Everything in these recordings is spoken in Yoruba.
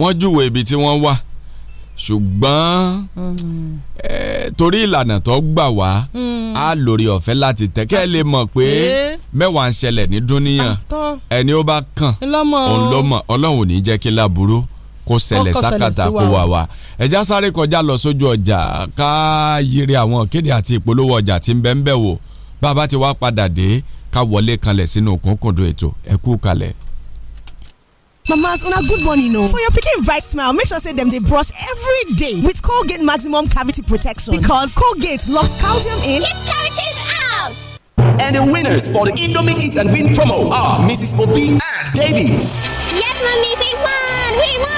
wọ́n júwèé ibi tí wọ́n wà ṣùgbọ́n mm-hmm. torí ìlànà tó gbà wá á mm-hmm. lórí ọ̀fẹ́ láti tẹ̀ kẹ́ ẹ lè mọ̀ pé mẹ́wàá ń ṣẹlẹ̀ ní dúníyàn ah, ẹni ó bá kàn òun ló mọ̀ ọlọ́run ò ní jẹ́ kí láburú kó ṣẹlẹ̀ sákàtà kó wà wá ẹja sáré kọjá lọ sójú ọjà ká yiri àwọn kéde àti ìpolówó ọjà tí ń bẹ wò bá a bá ti wá padà dé ká wọlé kanlẹ̀ sínú kòkòdó ètò ẹ kú kalẹ̀. Mamas, on a good one, you know. For your picking bright smile, make sure say them they brush every day with Colgate Maximum Cavity Protection because Colgate locks calcium in. Keeps cavities out. And the winners for the Indomie Eat and Win promo are Mrs. Obi and Davy. Yes, mommy, we won! We won!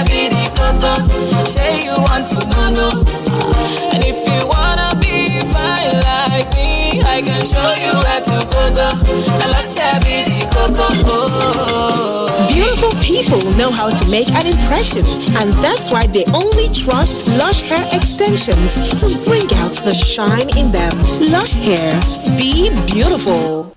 I be the Say you want to know, no. And if you wanna be fine like me, I can show you where to go, And be the oh. Beautiful people know how to make an impression, and that's why they only trust Lush Hair Extensions to bring out the shine in them. Lush Hair, be beautiful.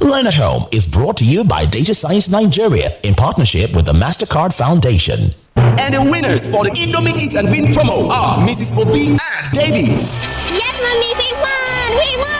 Learn at Home is brought to you by Data Science Nigeria in partnership with the MasterCard Foundation. And the winners for the Indomie Eat and Win promo are Mrs. Obi and Davy. Yes, Mommy, we won! We won!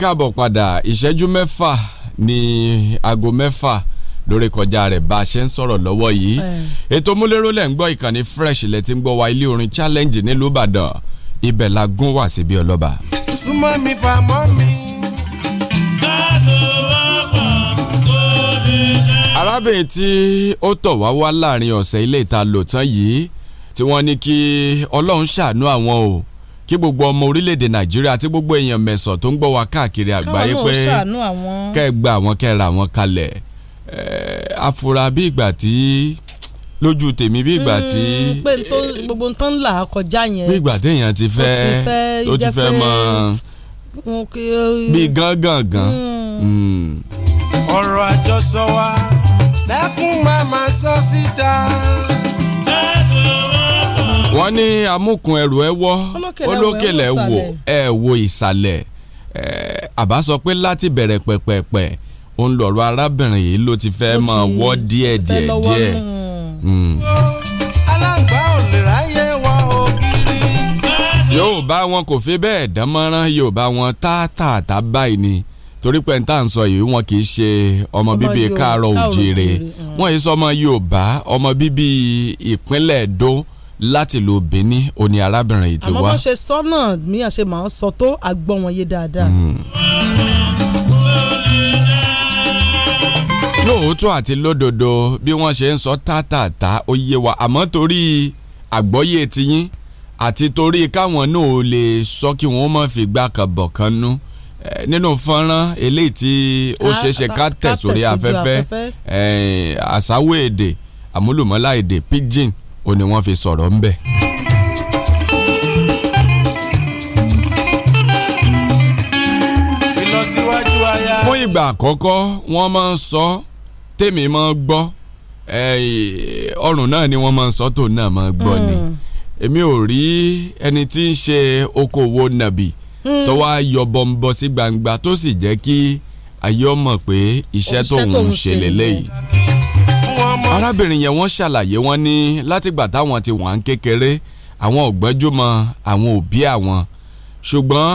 káàbọ̀ padà ìṣẹ́jú mẹ́fà ní aago mẹ́fà lórí kọjá rẹ̀ bá a ṣe ń sọ̀rọ̀ lọ́wọ́ yìí ètò múlẹ́rọ́ lẹ̀ ń gbọ́ ìkànnì fresh lẹ̀ ti ń gbọ́ wa ilé orin challenge nílùú ìbàdàn ibẹ̀ la gún wá síbi ọlọ́ba. súnmọ́ mi pa mọ́ mi. arábìnrin tí ó tọ̀ wá wá láàrin ọ̀sẹ̀ ilé ìta lò tán yìí tí wọ́n ní kí ọlọ́run ṣàánú àwọn o kí gbogbo ọmọ orílẹ̀-èdè nàìjíríà àti gbogbo èèyàn mẹ̀sàn tó ń gbọ́ wa káàkiri àgbáyé pé kẹ́ gba àwọn kẹ́ ra àwọn kalẹ̀ àfúrà bí ìgbà tí lójú tèmi bí ìgbà tí. Hmm, pé gbogbo ń tán là á kọjá yẹn. bí ìgbà téèyàn ti fẹ́ ó ti fẹ́ mọ bí gángan hmm. hmm. ọ̀rọ̀ àjọsọ wa dákun máa máa sọ síta wọ́n ní amúkùn ẹrù ẹ wọ́ olókèlè wò ẹ wo ìsàlẹ̀ àbá sọ pé láti bẹ̀rẹ̀ pẹ̀pẹ̀pẹ̀ òun lọ̀rọ̀ arábìnrin yìí ló ti fẹ́ máa wọ́ díẹ̀ díẹ̀ díẹ̀. Hmm. alágbá ò wọn kò fi bẹ́ẹ̀ dánmọ́rán Yorùbá wọn tààtààtà báyìí ni torí pé tá à ń sọ yìí wọn kì í ṣe ọmọ bíbí káàárọ̀ òjìire wọn yìí sọ ọmọ Yorùbá ọmọ bíbí ìpínlẹ̀ Èdó láti ìlú Benin ó ní arábìnrin yìí ti wá. àmọ́ bó ṣe sọ́nà mi àṣẹ máa ń sọ tó àgbọ̀ wọn yé dáadáa. Hmm. lóòótọ́ àti lódodo bí wọ́n ṣe ń sọ tátàtà ó yé wa àmọ́ torí àgbọ́yé tiyín àti torí káwọn náà ò lè sọ kí wọ́n má fi gbà kan bọ̀ kan nú nínú fọ́nrán eléyìí tí ó ṣeéṣe ká tẹ̀ afẹ́fẹ́ àsáwọ̀ èdè àmúlùmọ́lá èdè pidgin ó ní wọ́n fi sọ̀rọ̀ ńbẹ̀. ìlọsíwájú aya. fún ìgbà àkọ́kọ́ wọ́n máa ń sọ tèmi máa ń gbọ́ ọrùn náà ni wọ́n máa ń sọ tòun náà máa ń gbọ́ ni hmm. èmi ò rí ẹni tí ń ṣe okòwò nàbì hmm. tó wá yọ bọ́ńbọ́ sí gbangba tó sì jẹ́ kí ayé ọmọ pé iṣẹ́ tóun ń ṣe lélẹ́yìí arábìnrin yẹn wọ́n ṣàlàyé wọn ní látìgbà táwọn ti wà ń kékeré àwọn ò gbẹ́júmọ àwọn òbí àwọn ṣùgbọ́n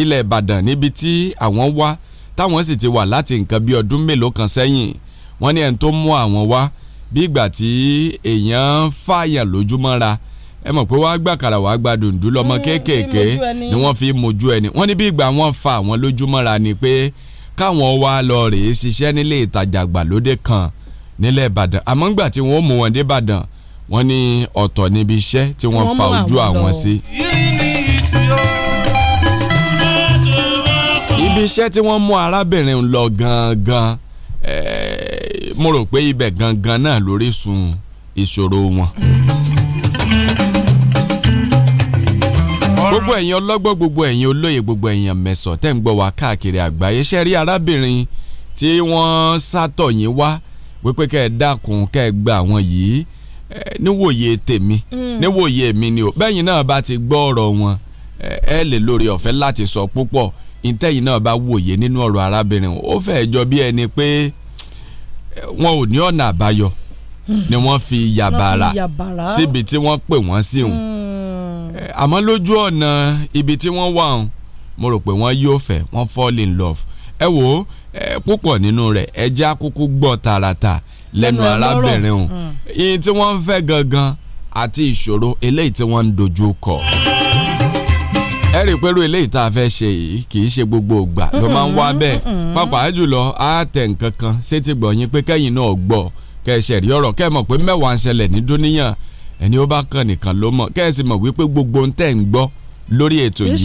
ilẹ̀ ìbàdàn níbi tí àwọn wá táwọn sì ti wà láti nǹkan bí ọdún mélòó kan sẹ́yìn wọ́n ní ẹni tó mú àwọn wá bí ìgbà tí èèyàn fààyàn lójúmọ́ra ẹ mọ̀ pé wàá gbà kàrà wàá gba dùndú lọ́mọ mm, kéékèèké ni wọ́n fi mojú ẹni wọ́n ní bí ìgbà wọ́n fa àwọn lójúmọ́ra ni pé káwọn wá lọ rèé ṣiṣẹ́ nílé ìtajà àgbàlódé kan nílẹ̀ ìbàdàn àmọ́ ńgbà tí wọ́n mú wọn dé ìbàdàn wọ́n ní ọ̀tọ̀ níbi iṣẹ́ tí wọ́n fa ojú àwọn sí. ibi iṣẹ́ tí wọ́n mú arábìnrin lọ gangan eh, mo rò pé ibẹ̀ gangan náà lórí sun ìṣòro wọn. gbogbo ẹ̀yin ọlọ́gbọ́n gbogbo ẹ̀yin olóye gbogbo ẹ̀yin mẹ̀sàn tẹ́ ń gbọ́ wá káàkiri àgbáyé ṣe rí arábìnrin tí wọ́n sátọ̀ yín wá wípé kẹ́ ẹ dákun kẹ́ ẹ gba àwọn yìí níwòye tèmi mm. níwòye mi ni o bẹ́yìn náà bá ti gbọ́ ọ̀rọ̀ wọn ẹ lè lórí ọ̀fẹ́ láti sọ púpọ̀ ìtẹ́yìn náà bá wòye nínú ọ̀rọ̀ arábìnrin ó fẹ́ jọ bí ẹni pé wọn ò ní ọ̀nà àbáyọ hmm. ni wọ́n fi yàbàrà síbi tí wọ́n pè wọ́n sí òun hmm. àmọ́ lójú ọ̀nà ibi tí wọ́n wà òun mo rò pé wọ́n yóò fẹ́ wọ́n fall in love ẹ wò ó púpọ̀ nínú rẹ̀ ẹja kúkú gbọ́ tààràtà lẹ́nu arábìnrin o iye mm. tí wọ́n ń fẹ́ gangan àti ìṣòro eléyìí tí wọ́n ń dojú kọ ẹ rí i pé irú eléyìí tá a fẹ́ ṣe yìí kì í ṣe gbogbo ìgbà ló máa ń wá bẹ́ẹ̀ pàápàá jùlọ á tẹ̀ nǹkan kan sétí gbọ̀nyìn pé kẹ́yìn náà gbọ́ kẹ́ ẹ ṣẹ̀rí ọ̀rọ̀ kẹ́ ẹ mọ̀ pé mẹ́wàá ń ṣẹlẹ̀ ní dúníyàn ẹni ó bá kàn nìkan ló mọ̀ kẹ́ ẹ sì mọ̀ wípé gbogbo ń tẹ̀ ń gbọ́ lórí ètò yìí kì í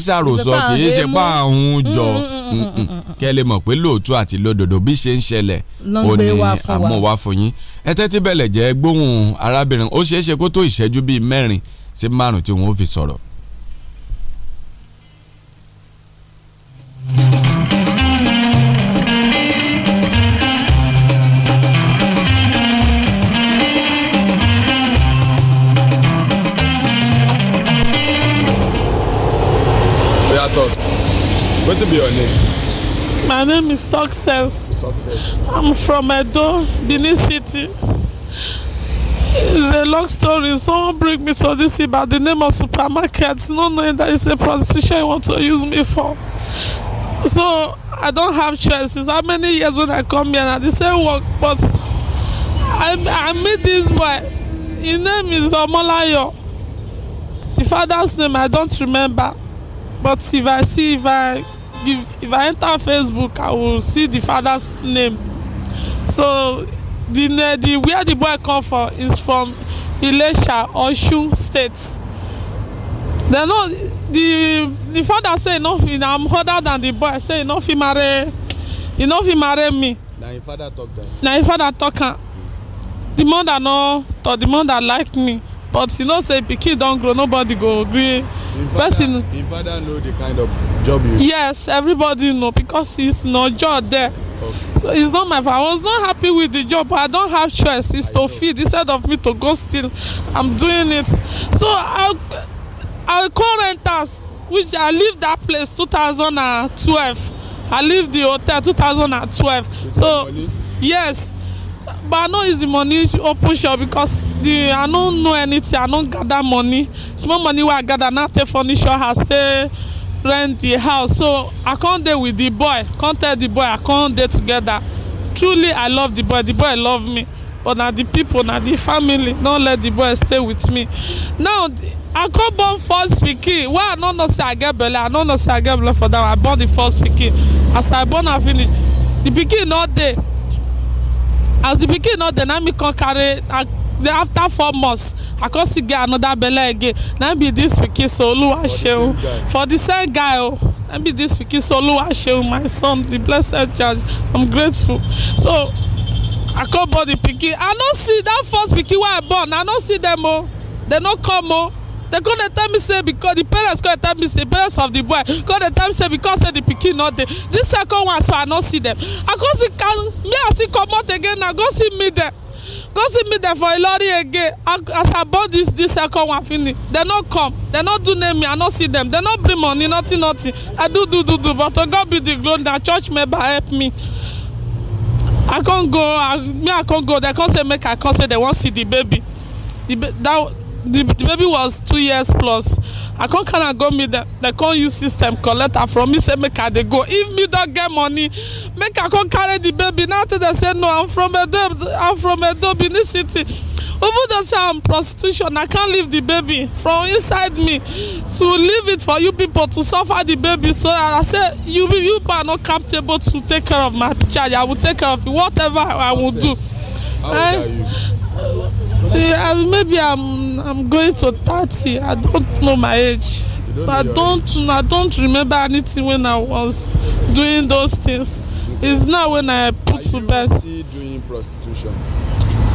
ṣàròsọ kì í ṣe pa àwọn mm, jọ mm, mm, kẹ́ ẹ lè mọ̀ pé lóòótọ́ àti lódodo bí ṣe ń ṣẹlẹ̀ ó ní àmúwá fún yín ẹ tẹ́tí bẹ̀lẹ̀ jẹ́ gbóhùn arábìnrin ó ṣeé kó tó ìṣẹ́jú bíi mẹ́rin sí márùn-ún tí wọ́n fi sọ̀rọ̀. is success. success. I'm from Edo, Benin City. It's a long story. Someone bring me to this about the name of supermarket, not knowing that it's a prostitution you want to use me for. So I don't have choices. How many years when I come here and I same work, but I I meet this boy. His name is Omolayo. The father's name I don't remember. But if I see if I if i enter facebook i will see the father's name so the the where the boy come from is from ilesha osun state dem no the the father say no i'm older than the boy say he no fit marry he no marry me. Now him father talk that. Now him father talk am the mother know talk the mother like me but you know say pikin don grow nobody go gree person. him father know the kind of job you. yes everybody know because he's job there. so it's not my fault i was not happy with the job i don't have choice it's to feed instead of me to go still. i'm doing it so i i call renters which i leave that place 2012 i leave the hotel 2012 so yes but i no use the money to open shop because the i no know anything i no gather money small money wey i gather now take furniture house take rent the house so i come dey with the boy come tell the boy i come dey together truly i love the boy the boy love me but na the people na the family no let the boy stay with me now i come born first pikin wey i no know say i get belle i no know say i get belle for that one i born the first pikin as i born am finish the pikin no dey as the pikin no dey na me come carry after four months i come still get another belle again na be this pikin so oluwa seun for the same guy o oh. na be this pikin so oluwa seun my son the blessed judge i'm grateful so i come born the pikin i no see that first pikin wey i born i no see them o oh. they no come o. Oh dem come dey tell me say because the parents come dey tell me say parents of the boy come dey tell me say because say the pikin no dey this second one so i no see them i go see can me i see comot again na go see me them go see me them for ilori again as i born this this second one finish dem no come dem no do name me i no see them dem no bring money nothing nothing i do do do do but to god be the glory na church member help me i come go I, me i come go dem come say make i come say dem wan see the baby the that the, baby was two years plus i come carry am go meet them. They come use system collect am from me say make i dey go if me don get money make i come carry the baby now tey dem say no i'm from edo i'm from edo benin city even though say i'm prostitution i can't leave the baby from inside me to leave it for you people to suffer the baby so i say you you pa no capable to take care of my child i will take care of you whatever i, will do. How old are you? Eh? maybe I'm I'm going to 30. I don't know my age. Don't I don't age. I don't remember anything when I was doing those things. Okay. It's now when I put to you bed. Still doing prostitution.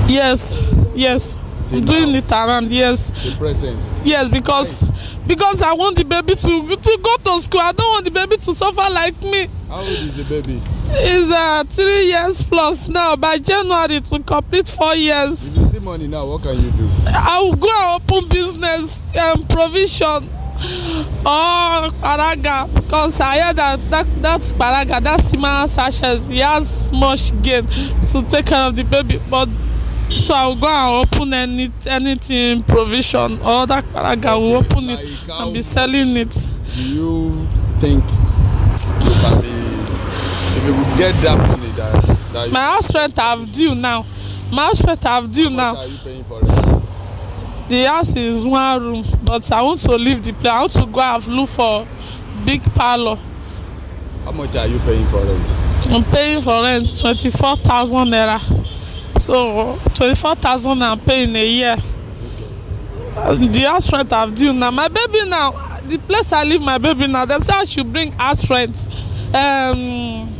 Yes, yes. I'm doing it around. Yes. The present. Yes, because because I want the baby to to go to school. I don't want the baby to suffer like me. How old is the baby? He's uh, three years plus now. By January, it will complete four years. Is money now, what can you do? I will go and open business and provision or oh, paraga because I hear that that that paraga that sima sashes he has much gain to take care of the baby but so I will go and open any anything provision or that paraga okay, will open like it and be selling it. Do you think you can be if you get that money that that. My house rent have due now. Much rent I've due now. What are you paying for it? The house is one room, but I want to leave the place. I want to go and look for big parlor. How much are you paying for rent? I'm paying for rent twenty-four thousand naira. So twenty-four thousand I'm paying a year. Okay. The house rent I've due now. My baby now, the place I leave my baby now, That's how I should bring house rent. Um,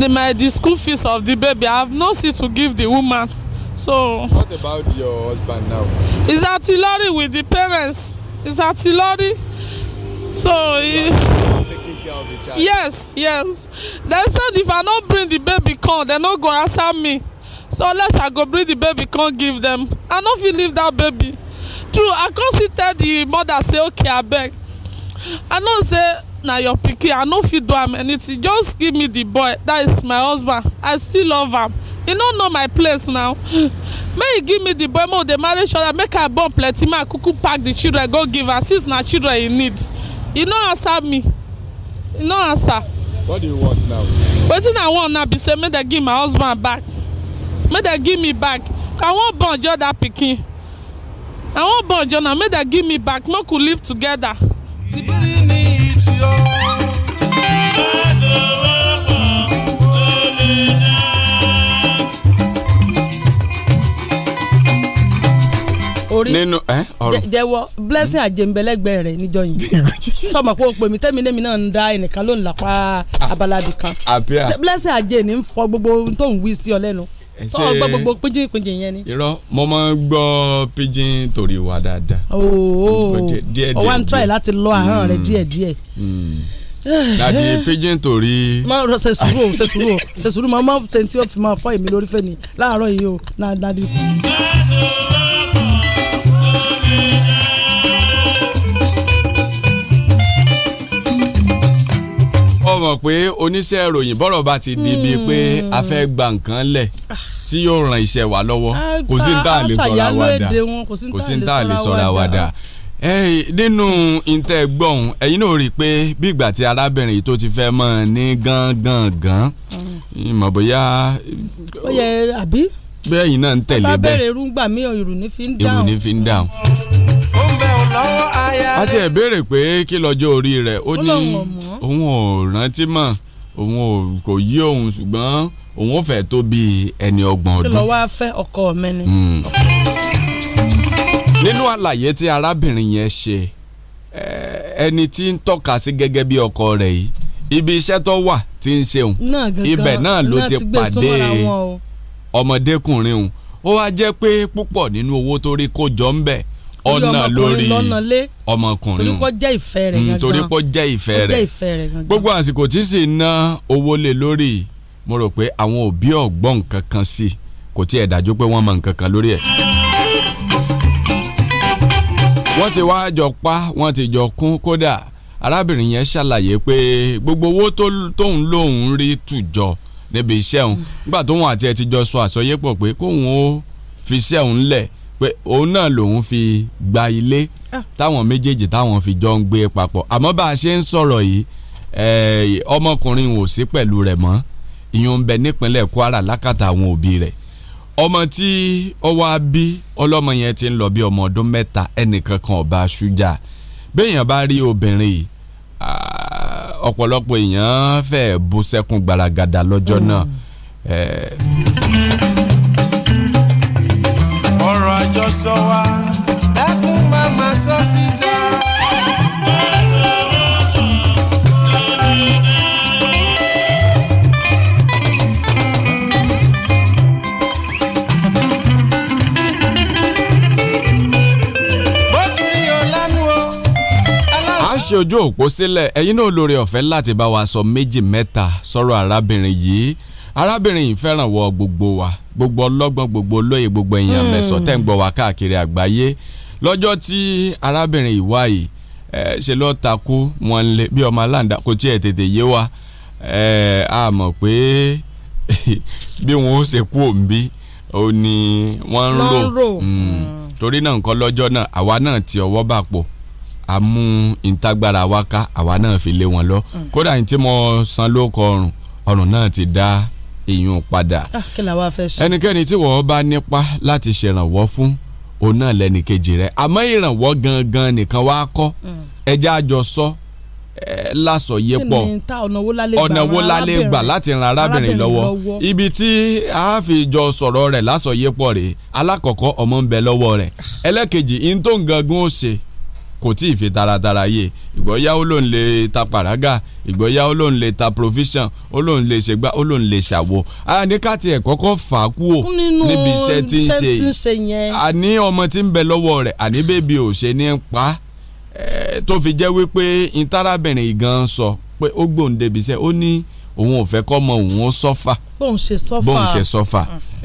the my the school fees of the baby i have no see to give the woman so. what about your husband now. he's at ilori with the parents he's at ilori so he. yes yes They said if i no bring the baby come they no go answer me so unless i go bring the baby come give them. i no fit leave that baby true i come see tell the mother say okay abeg i know say na your pikin i no fit do am anything just give me the boy that is my husband i still love am he no know my place now make he give me the boy make we dey marry each other make i born plenty make i kuku pack the children go give am since na children he need he no answer me he no answer. what do you want now. wetin i want now be say make dem give my husband back make dem give me back i wan born join that pikin i wan born join am make dem give me back make we live together. you orí nínú ẹ ọrùn jẹ́wọ́ blessing àjẹmbẹlẹgbẹ rẹ níjọ yìí tọmọ pé o pè mí tẹmí lèmi náà ń da ẹnìkan ló ń làpá ah. abala bìkan blessing àjẹ ní ń fọ gbogbo tó ń wí sí ọ lẹ́nu tó o gbọ́ gbogbo pidgin pidgin yẹn ni. irọ́ mo máa ń gbọ́ pidgin torí wa dáadáa. ooo o wa ń tọ́ ẹ̀ láti lọ ahọ́n rẹ díẹ̀díẹ̀. Hmm. dàdí hmm. pidgin torí. máa rọ ṣe sùúrù o ṣe sùúrù o ṣe sùúrù máa máa ṣe tí o fi máa fọ́ èmi lórí fẹ́ ni láàárọ̀ yìí o náà dàdí. mọ̀ pé oníṣẹ́ ìròyìn bọ́rọ̀ bá ti di bíi pé a fẹ́ gba nǹkan lẹ̀ tí yóò ran iṣẹ́ wa lọ́wọ́ ah, kò sí ní tá a lè sọ̀rọ̀ àwàdà kò sí ní tá a lè sọ̀rọ̀ àwàdà nínú ìtẹ̀gbọ̀n ẹ̀yin náà rí i pé bí ìgbà tí arábìnrin tó ti fẹ́ mọ̀ ní gángan ìmọ̀ bóyá. ó yẹ àbí. bẹ́ẹ̀ yìí náà ń tẹ̀lé bẹ́ẹ̀. bá bẹ̀rẹ̀ irú gbà mí ìrù ní fi ń dáhùn. ìrù ní fi ń dáhùn lọ́wọ́ aya rẹ̀. a ti ẹ̀ béèrè pé kí lọ́jọ́ orí rẹ̀ ó ní òun ò rántí mọ̀ òun ò kò yí òun ṣùgbọ́n òun ò fẹ́ tó bí ẹni ọgbọ̀n ọdún. kí lọ wá fẹ́ ọkọ mi ni. Hmm. nínú àlàyé tí arábìnrin yẹn ṣe ẹni tí ń tọ́ka sí gẹ́gẹ́ bí ọkọ rẹ̀ yìí ibi iṣẹ́ tó wà tí ń ṣeun ibẹ̀ náà ló ti e pàdé ọmọdékùnrin òun ó wá jẹ́ pé púpọ̀ nínú owó tó kó jọ ń bẹ̀ ọ̀nà lórí ọmọkùnrin torí kò jẹ́ ìfẹ́ rẹ̀ mm, gangan torí kò jẹ́ ìfẹ́ rẹ̀ gbogbo àsìkò tí sì ná owó lé lórí mo rò pé àwọn òbí ọ̀gbọ́n nǹkan kan sí kò tí ẹ̀ dájú pé wọ́n mọ nǹkan kan lórí ẹ̀. wọ́n ti wá jọ pa wọ́n ti jọ kún kódà arábìnrin yẹn ṣàlàyé pé gbogbo owó tóun lòun rí tùjọ níbi iṣẹ́ òun mm. nígbà tóun àti ẹ̀ ti jọ sọ àsọyépọ̀ pé kóun ó fi iṣẹ́ òun lẹ̀ pé òun náà lòun fi gba ilé ah. táwọn méjèèjì táwọn fi jọ ń gbé papọ̀ àmọ́ bá a ṣe ń sọ̀rọ̀ yìí eh, ọmọkùnrin ò sí pẹ̀lú rẹ̀ mọ́ ìyẹn ń bẹ nípínlẹ̀ Kwara lákàtà àwọn òbí rẹ̀ ọmọ tí ọwọ́ abí ọlọ́mọ yẹn ti ń lọ bí ọmọ ọdún mẹ́ta ẹnìkan kan ọba ṣújà béèyàn bá rí obìnrin yìí ah, ọ̀pọ̀lọpọ̀ èèyàn fẹ́ẹ́ bú sẹ́kún gbaragada lọ́jọ́ náà. Mm. Eh, jọ sọ wa ẹkún máa máa sọ síta. ṣe ojú òpó sílẹ̀ ẹ̀yin náà lóore ọ̀fẹ́ láti bá wa sọ méjì mẹ́ta sọ̀rọ̀ arábìnrin yìí arábìnrin yìí fẹ́ràn wọ gbogbo wa gbogbo ọlọ́gbọ́n gbogbo olóye gbogbo èèyàn hmm. mẹ́sàn-án tẹ́ ń gbọ́ wa káàkiri àgbáyé lọ́jọ́ tí arábìnrin yìí wá yìí ṣe lọ́ọ́ takú wọn lé bí ọmọ aláǹda kò tiẹ̀ tètè yé wa a mọ̀ pé bí wọn ó ṣe kú òǹbí ó ní wọ́n ń rò hmm. Hmm. torí náà nǹkan lọ́jọ́ náà àwa náà ti ọwọ́ bà pọ̀ a ìtagbára wa ká àwa náà fi lé wọn lọ kódà ní tí mo san ló kọ ọrùn náà ti dá èèyàn padà. Ah, ẹnikẹ́ni tí wọ́n bá nípa láti ṣèrànwọ́ fún òun náà lẹ́ni kejì rẹ̀ àmọ́ ìrànwọ́ gangan nìkan wá kọ́ mm. ẹja àjọ sọ lásọyé pọ̀ ọ̀nà wo la lè gbà láti ran arábìnrin lọ́wọ́ ibi tí a fi jọ sọ̀rọ̀ rẹ̀ lásọyé pọ̀ rèé alákọ̀ọ́kọ́ ọmọ ń bẹ lọ́wọ́ rẹ̀ ẹlẹ́kejì ìntòǹgangan ó ṣe kò tí ì fi taratara yé ìgbọ́yá ó lòun lè ta paraga ìgbọ́yá ó lòun lè ta provision ó lòun lè ṣègbà ó lòun lè ṣàwọ̀ a ní káàtì ẹ̀ kọ́kọ́ fà á kúò níbi iṣẹ́ tí ń ṣe yìí àní ọmọ tí ń bẹ lọ́wọ́ rẹ̀ àní bèbí ò ṣe ní pa tó fi jẹ́ wípé ìtarabìnrin gan sọ pé ó gbóhùn débi iṣẹ́ ó ní òun ò fẹ́ kọ́ mọ òun ó sọ́fà bóun ṣe sọ́fà bóun ṣe sọ́fà mm.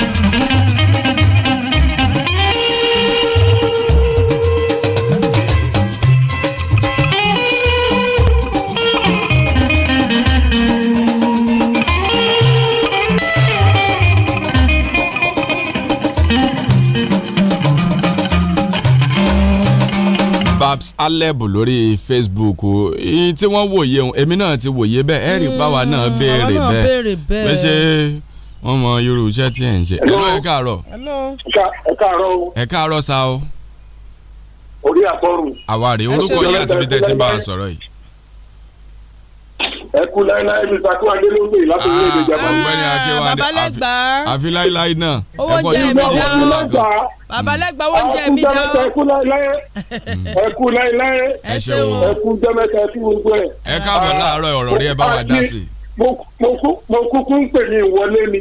ẹ̀ Babs Aleb lórí Facebook tí wọ́n wòye èmi náà ti wòye bẹ́ẹ̀ ẹ̀rì báwa náà hmm, béèrè bẹ́ẹ̀ pé ṣé wọ́n mọ irú iṣẹ́ tí ẹ̀ ń ṣe. hello ẹ káàárọ̀. ẹ o. ẹ káàárọ̀ sa o. orí àkọrùn. àwa rèé orúkọ yìí àti bí tẹ́tí bá a sọ̀rọ̀ yìí ẹ kú láíláí mr kó adélógbè láti ilé èdè jama. ọgbẹni akéwà babalẹgba àfi láíláí náà. owó jẹ mi dá babalẹgba hmm. owó jẹ mi dá. ẹ kú láíláí hmm. ẹ kú láíláí ẹ ṣeun ẹ kú jẹmẹta ẹ kú gbogbo ẹ. ẹ káàbọ̀ láàárọ̀ ọ̀rọ̀ rí ẹ bá wa dá ah, sí. mo kúkú ń pè ní ìwọlé ni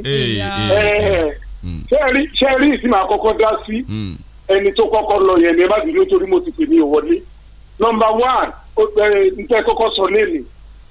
ṣé rí ìsìn máa kọ́kọ́ dá sí hmm. ẹni tó kọ́kọ́ lọ yẹn ní ẹ bá dùn nítorí mo ti pè ní ìwọlé nọmba one eh, ntẹ kọ́kọ́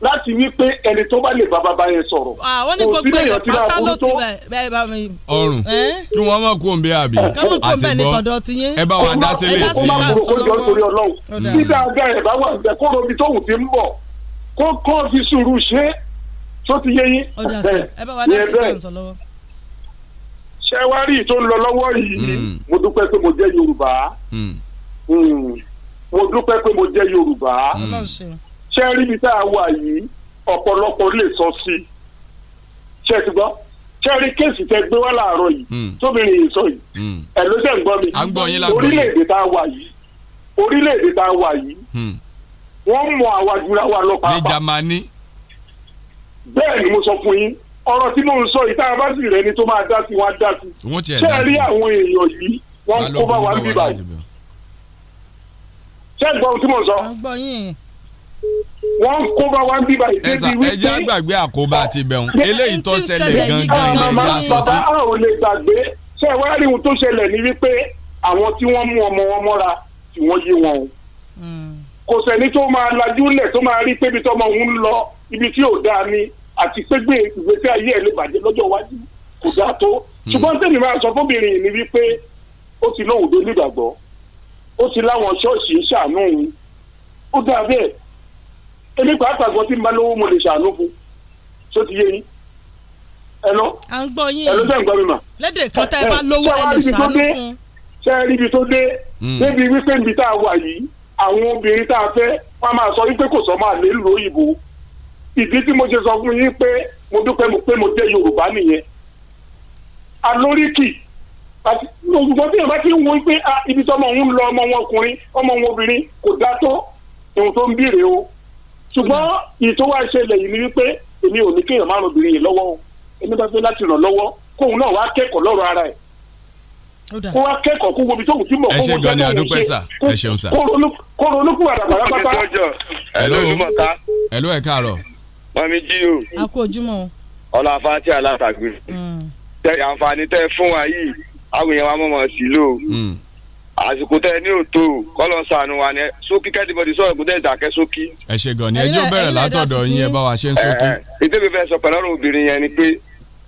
láti wí pé ẹni tó bá lè bá bàbá yẹn sọ̀rọ̀. àwọn ní gbogbo èèyàn tí wọ́n kọ́ tó bẹ́ẹ̀ bá mi. ọrùn kí wọ́n má kó nbẹ àbí àti gbọ́ ẹ bá wa dá sílẹ̀ sí i. ọmọ àbúrò kọjọ torí ọlọ́run dídá abẹ́ ẹ̀ bá wà bẹ́ẹ̀ kó robi tóun ti ń bọ̀ kó kọ́ fi sùúrù ṣe é tó ti yé yín. ẹ bá wa dá sílẹ̀ sọ lọ́wọ́. ṣé wàá rí tó ń lọ lọ́wọ́ yìí hmm. mo dúpẹ́ pé mo jẹ́ Yorùbá hmm. Hmm. mo dúpẹ́ pé mo jẹ́ Yorùbá. ọlọ́run ṣeun ṣé rí ibi tá a wà yìí ọ̀pọ̀lọpọ̀ lè sọ sí i ṣe ti gbọ́ ṣe rí kéèsì tẹ gbé wá láàárọ̀ yìí hmm. tóbìnrin yìí sọ yìí hmm. ẹ̀ ló ṣe ń mi orílẹ̀-èdè tá a wà yìí orílẹ̀-èdè tá a wà yìí hmm. wọ́n mọ àwa jura wa lọ pàápàá. ní Jámánì. bẹ́ẹ̀ ni mo sọ fún yín ọ̀rọ̀ tí mò ń sọ yìí tá a bá sì rẹ́ni tó máa dá sí wọn dá sí. wọ́n ti rí àwọn èèyàn yìí wọ́n kó bá wa ń bíbá yìí. ṣé ẹ tí mò sọ wọ́n kó bá wá bí báyìí. ẹ sà ẹ jẹ́ àgbàgbé àkóbá àti ìbẹ̀hùn eléyìí tó ṣẹlẹ̀ gangan ni ẹ̀ yá sọ sí. bàbá àwọn ò lè gbàgbé ṣé ẹ wá rí ohun tó ṣẹlẹ̀ ní wípé àwọn tí wọ́n mú ọmọ wọn mọ́ra tí wọ́n yé wọn o. kò sẹ́ni tó máa lajú lẹ̀ tó máa rí pé ibi tọ́mọ òun lọ ibi tí ò dáa ni àti pé gbé ìgbésí ayé ẹ̀ lè bàjẹ́ lọ́jọ́ iwájú kò dáa tó. Hmm. ṣùgbọ́n tèmi máa sọ fóbìnrin yìí ni wípé ó ti lóhùn dé nígbàgbọ́ ó ti láwọn ṣọ́ọ̀ṣì ń ṣàánú òun ó dáa bẹ́ẹ̀ èmi pàápàá gan tí n bá lówó mo lè ṣàánú fún tó ti yé yín ẹnu ẹnu tẹ̀ ń gbọ́ mi mà. lédè kan tẹ́ ẹ bá lówó ẹ lè ṣàánú fún. ṣé ẹ ríbi tó dé hmm. débi wípé níbi tá a wà yìí àwọn obìnrin tá a fẹ́ wọ́n máa sọ wípé kò sọ máa lè lò òyìnbó ìdí tí mo ṣe sọ fún yín pé mo dúpẹ́ mo pé mo jẹ́ Yorùbá nìyẹn alóríkì olùgbọ́n tí yorùbá ti ń wo pé ibi tí ọmọ òun lọ ọmọ wọn ọkùnrin ọmọ wọn obìnrin kò dá tó ohun tó ń bèrè o ṣùgbọ́n ìtọ́wá ìṣẹ̀lẹ̀ yìí ni wípé èmi ò ní kéèyàn márùn obìnrin yìí lọ́wọ́ ẹni bá fẹ́ láti ràn lọ́wọ́ kóun náà wá kẹ́kọ̀ọ́ lọ́rọ̀ ara ẹ̀ kó wá kẹ́kọ̀ọ́ kó wobi tó kù tí mọ̀ kó wo dáná ẹ̀ ṣe kó ronú kú àdàbàrà pápá. ẹ̀ló ẹ̀ káàárọ̀. mami jí o. a kú ojúmọ́. ọlọ afáàtì alátagbé. Mm. tẹ àǹfààní tẹ fún wa yìí àwọn èèyàn wa mọ̀ mọ̀ sí lò. Mm àsìkò tẹ ní òtò kọlọ sànù wa ni sókí kẹ́tìmọ̀tì sọ̀rọ̀ kó tẹ̀ dàkẹ́ sókí. ẹ ṣe gan ni ẹjọ́ bẹ̀rẹ̀ látọ̀dọ̀ yín ẹ bá wa ṣe ń sókí. ìdílé fẹ́ sọ pẹ̀lú ọ̀rọ̀ obìnrin yẹn ni pé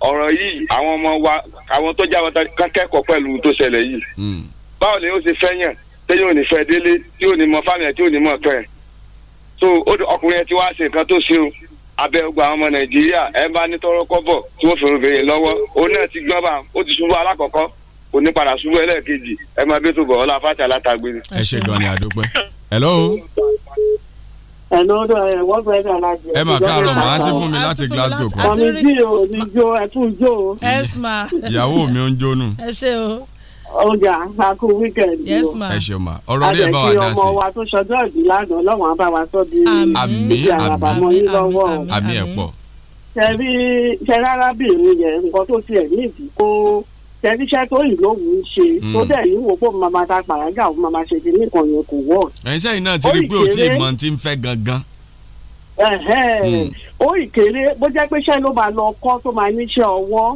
ọ̀rọ̀ yìí àwọn ọmọ wa àwọn tó jáwọ́ ta kẹ́kọ̀ọ́ tó ṣẹlẹ̀ yìí. Hmm. báwo ni ó ṣe fẹ́ téyàn ò ní fẹ́ délé tí ò ní mọ fámìlì tí ò ní mọ kẹ́ so ọkùnrin yẹn ti wá ṣe nǹkan tó ṣe o abẹ́ ogun àwọn ọmọ nàìjíríà ẹ bá ní tọrọ kọ́bọ̀ tí wọ́n fi obìnrin lọ́wọ́ òun náà ti gbọ́n bá ó ti ṣubú alákọ̀ọ́kọ́ onípadà ṣubú ẹlẹ́ẹ̀kejì ẹ máa bẹ́tò bọ̀ ọlá fàtí alátagbe. ẹ ṣe gan ni àdúpẹ́. hello. hello wọ́n fẹ́ dà lájẹ. ẹ máa káàárọ̀ mọ́ àǹtí fún mi láti Glasgow kan. ọ̀nì jí o ní jó ẹ jó o. yes ìyàwó mi ń jónú. ẹ ṣe o. ọjà àkú wíkẹ̀ndì o. yes ẹ ṣe ma ọ̀rọ̀ rí ẹ bá wa dá sí. àdẹ̀kí ọmọ wa tó ṣọjọ́ ìbí tẹ̀síṣẹ́ tó yìí ló wù ú ṣe hmm. tó dẹ̀ yìí wò pé màmá ta pàrágà òun màmá ṣe ti nìkan yẹn kò wọ̀. ẹ̀ṣẹ́ yìí náà ti rí pé o ti mọ̀ ti ń fẹ́ gangan. Hmm. ó ìkéré bó jẹ́ pé iṣẹ́ ló máa lọ kọ́ tó máa níṣẹ́ ọwọ́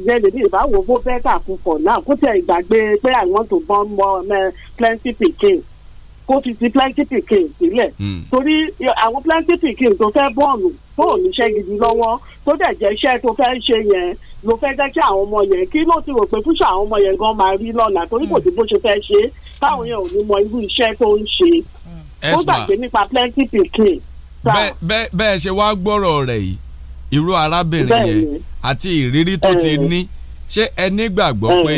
ìyẹn lèmi ìbáwò bó bẹ́tà fún for now kó tẹ̀ ìgbàgbé pé I want to born more um, eh, plenty pikin kó fi ti plenty pikin sílẹ̀ hmm. torí àwọn plenty pikin tó fẹ́ bọ́ọ̀nù tó ò níṣẹ́ gidi lọ́wọ́ tó dẹ̀ jẹ́ iṣẹ́ tó fẹ́ ṣe yẹn ló fẹ́ jẹ́ kí àwọn ọmọ yẹn kí ló ti rò pé fúnṣà àwọn ọmọ yẹn gan máa rí lọ́nà torí kò hmm. sí bó ṣe fẹ́ ṣe táwọn yẹn ò ní mọ irú iṣẹ́ tó ń ṣe hmm. ó gbàgbé nípa plenty pikin. bẹ́ẹ̀ ṣe wá gbọ́rọ̀ rẹ̀ yìí irú arábìnrin yẹn àti ìrírí tó ti ní ṣé ẹ nígbàgbọ́ pé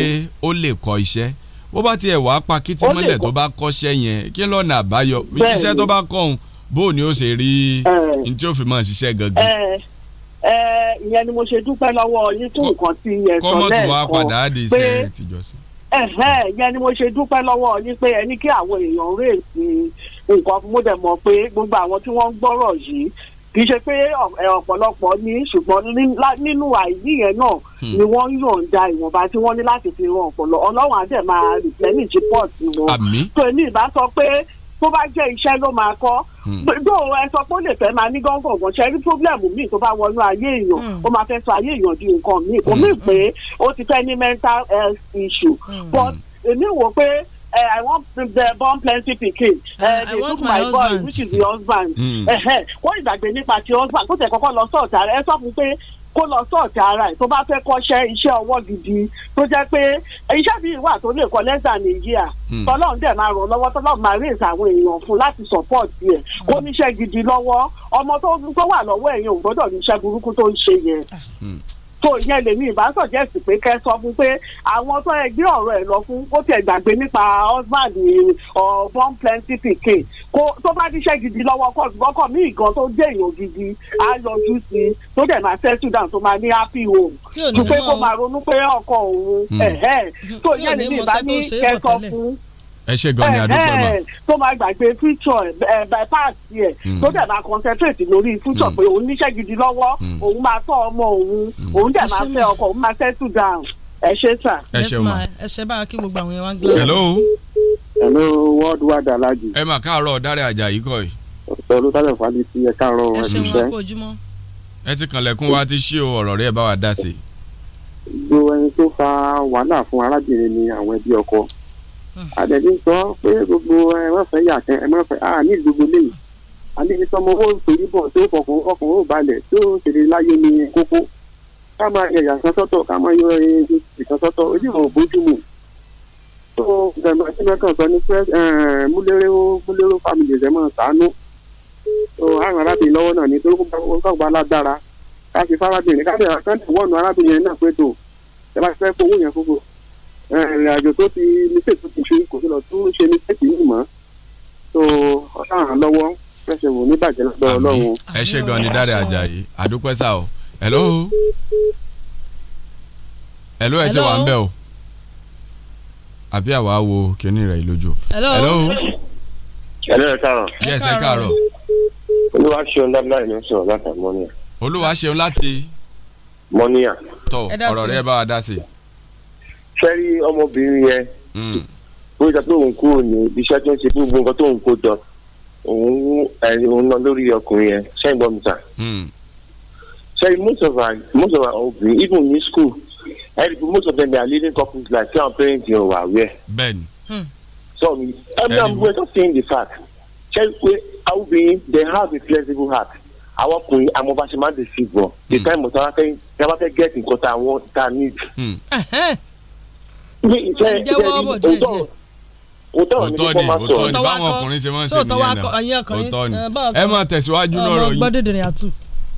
ó lè kọ́ iṣẹ́ bó bá tiẹ̀ wá pa kìtì mọ́lẹ̀ tó bá kọ́ṣẹ́ yẹn kí lọ́nà àbáyọ iṣẹ́ tó bá kọ́ òun bó ni ó ṣe rí ní tí ó fi máa ṣiṣẹ́ gangan ìyẹn ni mo ṣe dúpẹ́ lọ́wọ́ yín fún nǹkan tí ẹ sọ lẹ́ẹ̀kan pé ìyẹn ni mo ṣe dúpẹ́ lọ́wọ́ yín pé ẹni kí àwọn èèyàn rèé sí nǹkan mo dẹ̀ mọ̀ pé gbogbo àwọn tí wọ́n ń gbọ́rọ̀ yìí kì í ṣe pé ọ̀pọ̀lọpọ̀ ní ṣùgbọ́n nínú àìní yẹn náà hmm. ni wọ́n ń yọ̀ǹda ìwọ̀nba tí wọ́n ní láti fi ran ọ̀pọ̀lọ ọlọ́run á dẹ̀ máa rìpẹ́nìjì pọ̀ sí wọn. tó ní ìbá sọ pé tó bá jẹ́ iṣẹ́ ló máa kọ́ gbogbo hmm. ẹ sọ pé ó lè fẹ́ máa ní gángangan ṣe rí pírọ́blẹ̀mù míì tó bá wọnú ayé èèyàn hmm. ó máa fẹ́ sọ ayé èèyàn di nǹkan míì kò hmm. mí pé ó ti fẹ́ ní mental health issue but èmi wò pé I want the born plenty pikin. Uh, they my, my boy which is the husband. wọ́n ìgbàgbé nípa ti husband kó tẹ̀ kọ́kọ́ lọ sọ̀tà ẹ sọ fún pé kó lọ sọ̀tì ara ẹ̀ tó bá fẹ́ kọ́ṣẹ́ iṣẹ́ ọwọ́ gidi tó jẹ́ pé iṣẹ́ bíi wà tó lè kọ́ lẹ́sà nìyíà tọ́lọ́run hmm. dẹ̀ máa ràn lọ́wọ́ tọ́lọ́run máa rí ìsà àwọn èèyàn fún láti sọ́pọ̀tì ẹ̀ kó hmm. níṣẹ́ gidi lọ́wọ́ ọmọ tó wà lọ́wọ́ ẹ̀yìn ò gbọ́dọ̀ níṣẹ́ burúkú tó ń ṣe yẹn. Hmm tó ìyẹn lèmi ìbá sọ̀jẹ́sì pé kẹ́ sọ fún pé àwọn tó ẹ gbé ọ̀rọ̀ ẹ̀ lọ fún ó tiẹ̀ gbàgbé nípa husband born plenty pikin tó bá díṣẹ́ gidi lọ́wọ́ ọkọ̀ mi ìgan tó jẹ́ èèyàn gidi á yọjú sí i tó dẹ̀ máa settle down tó máa ní happy home ju pé kó máa ronú pé ọkọ òun hmm. tó ìyẹn lèmi ìbá ní kẹ́ sọ fún ẹ ṣe gan ni adúgbò ma. Eh, eh, tó máa gbàgbé future ẹ eh, bypass yẹ hmm. tó dẹ̀ máa concentrate lórí future hmm. pé òun níṣẹ́ gidi lọ́wọ́ hmm. òun máa tọ́ ọmọ òun òun dẹ̀ máa fẹ́ ọkọ òun máa settle down ẹ ṣe sà. ẹ ṣe ma ẹ ṣe bá kí gbogbo àwọn yẹn wá ń gbé. hello. hello world wide alaji. ẹ mà káàárọ̀ Dáre Àjàyí kọ́ ẹ. ọ̀sẹ̀ olùtàlẹ̀ fàlẹ́ ti ẹ káàárọ̀ ẹ ṣe wọn kó ojúmọ́. ẹ ti kànlẹ̀kùn wa ti ṣí o ọ̀rọ̀ rẹ bá wa dá sí. gbogbo ẹni tó fa wàhálà fún arábìnrin ni àwọn ẹbí ọkọ àdẹ̀bí ń sọ pé gbogbo ẹ wọ́n fẹ́ yà kẹ́ ẹ wọ́n fẹ́ à ní gbogbo lẹ́yìn àníbi tọmọ owó torí bọ̀ tó fọkàn ọkàn ó balẹ̀ tó ṣèlè láyé ní kókó ká máa yẹ̀yà kan sọ́tọ̀ ká máa yọ ẹyẹ kan sọ́tọ̀ ojú ìwọ̀n bójúmu tó gbẹ̀mọ̀ sí mẹ́kàn sọ ní pé múlẹ́rẹ́ múlẹ́rẹ́ family rẹ̀ máa sàánú tó àrùn arábìnrin lọ́wọ́ náà ní tó gbà ládàra ká fi fárábìnrin ká bẹ̀rẹ̀ ká arábìnrin náà pé tó ẹ bá fẹ́ fowó yẹn fúnfún ìrìn àjò tó ti mistake tó ti ṣe kò sí lọ tún ṣe mistake yìí mọ́ tó ọ̀sán ràn lọ́wọ́ fẹsẹ̀ wò ní bàjẹ́ lọ́dọ̀ ọlọ́run. ẹ ṣe gan ni dáre Àjàyí àdúpẹ́ sá o hello hello ẹ ti wà ń bẹ̀ o àbí àwa wo kíní rẹ̀ lójú. hello hello ẹ káàárọ̀. yes ẹ káàárọ̀. olúwa ṣeun dábìláì ló ń sọ̀rọ̀ látàmọ́níà. olúwa ṣeun láti. mọ́níà. tọ ọ̀rọ̀ rẹ bá wa dá sí i fẹ́rí ọmọbìnrin yẹn hmm. ó sọ pé òun kúrò ní iṣẹ́ tó ń ṣe fún gbogbo tó ń kó jọ òun òun lọ lórí ọkùnrin yẹn sẹ́yìn bọ́ sẹ́yìn most of our most of our even ní school ẹni pé most of them are living couples like say our parents yẹn wà wẹ́. bẹ́ẹ̀ni. Hmm. so ẹni àwọn ọmọ ẹjọ́ saying the fact ṣe pé àwọn they have a flexible heart àwọn ọkùnrin àwọn bá ṣe máa ń dè sí wọn hmm. the time ọ̀tá wa fẹ́ get nǹkan tá want tá a need jẹ́wọ́ bọ̀ díẹ̀ díẹ̀ òótọ́ ni òótọ́ ni òótọ́ báwọn ọkùnrin ṣe máa ń ṣe nìyẹn náà òótọ́ ni ẹ máa tẹ̀síwájú lọ́rọ̀ yìí.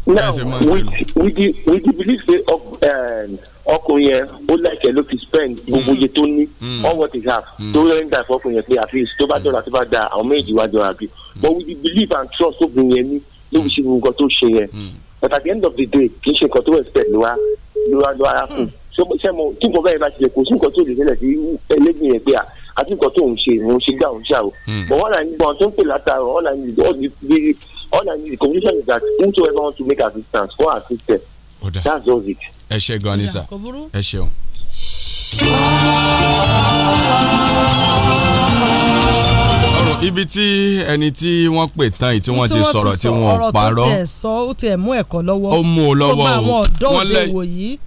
now we we believe say eh, ọkùnrin yẹn ó láìkẹ́ ló fi spend gbogbo hmm. iye tó ní hmm. all what he have hmm. tó rẹ́ń dà fọkùnrin yẹn pé at least tó bá dọ̀la tó bá da àwọn méjì wá jọra bí but we believe and trust obìnrin yẹn ní ló fi ṣe gbogbo nǹkan tó ṣe yẹn but at the end of the day kì í ṣe nǹkan tó expect ló wá ló wá ló wá kù ṣé tí nǹkan bẹ́ẹ̀ bá ṣe kò sí nǹkan tó lè ṣẹlẹ̀ sí ẹlẹ́gbìn yẹn pé à àti nǹkan tó ń ṣe mo ṣe dá ṣá o hmm. but all i need but tó ń pè látàrọ all i need all the the all i need the communication is that whosoever want to make assistance go assist that's just it. ẹ ṣe gan ni sá ẹ ṣeun. ibi tí ẹni tí wọ́n pè tán yìí tí wọ́n ti sọ̀rọ̀ tí wọ́n parọ́ ó mú ẹ̀kọ́ lọ́wọ́ o wọ́n lẹ́yìn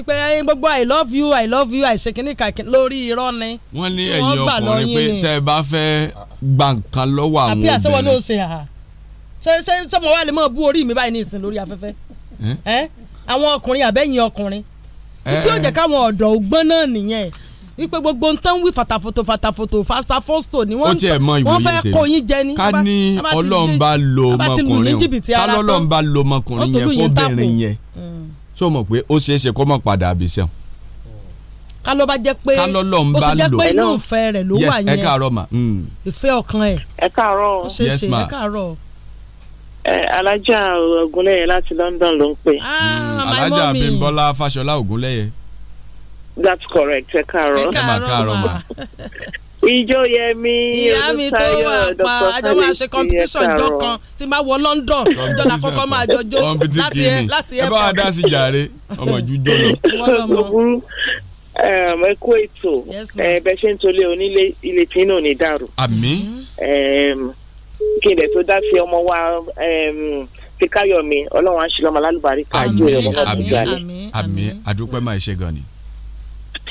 ipe ẹyin gbogbo i love you i love you àìṣèkínní kàkín lórí irọ́ ni. wọ́n ní ẹ̀yin ọkùnrin pé tẹ́ ẹ bá fẹ́ gba nǹkan lọ́wọ́ àwọn obìnrin. àbí àṣewọ́ ní oṣù àhà ṣé ṣé sọmọ wa lè mọ̀ bú orí mi báyìí ní ìsìn lórí afẹ́fẹ́ àwọn ọkùnrin àbẹ́yìn ọkùnrin tí yóò jẹ́ káwọn ọ̀dọ́ ògbọ́n náà nìyẹn wípé gbogbo nǹkan wí fàtàfòtò fàtàfòtò fàtàfòtò ni wọ́n fẹ́ kó yín jẹ ní. ká ní ọlọ́run bá lo ọmọkùnrin ká lọ́lọ́run bá lo ọmọkùnrin yẹn fún obìnrin yẹn mm ṣó mọ̀ pé ó ṣeé ṣe kó mọ̀ padà àbíṣẹ́ wọn. ká ló bá jẹ́ pé ó ṣe jẹ́ pé inú ìfẹ́ rẹ̀ ló wà yẹn ẹ káàárọ̀ mà. Mm. ìfẹ́ ọkàn ẹ̀ ẹ káàárọ̀ ó ṣeé ṣe ẹ káàárọ̀. alájà ògúnlẹ̀yẹ láti London ló ń pè. Ah, mm, alájà Abímbọ́lá Fáṣọlá ògúnlẹ̀yẹ. that's correct ẹ káàárọ̀. ẹ káàárọ̀ mà. Ìjọyẹmí Olùtayọ̀ Dr. Khalid ìyẹn kàrọ̀ ìyẹn kàrọ̀ ìjọ máa ṣe competition jọ kan tí máa wọ London ìjọ la kọ́kọ́ máa jọ jó láti ẹ láti ẹ. ẹ bá wa dá sí jàre ọmọ ìjú jọ lọ um, ẹ kú ètò bẹ ṣe ń tolé onílé ilé tí náà ní dàrú. àmín. Um, kí n dẹ̀ tó dá sí ọmọ wa um, ti káyọ̀ mi ọlọ́run á ṣe lọ́mọ lálùbárí ká yóò yọ̀ ọmọ náà tó jọ àlẹ́. àmín àdúpẹ́ máa ṣe gan ni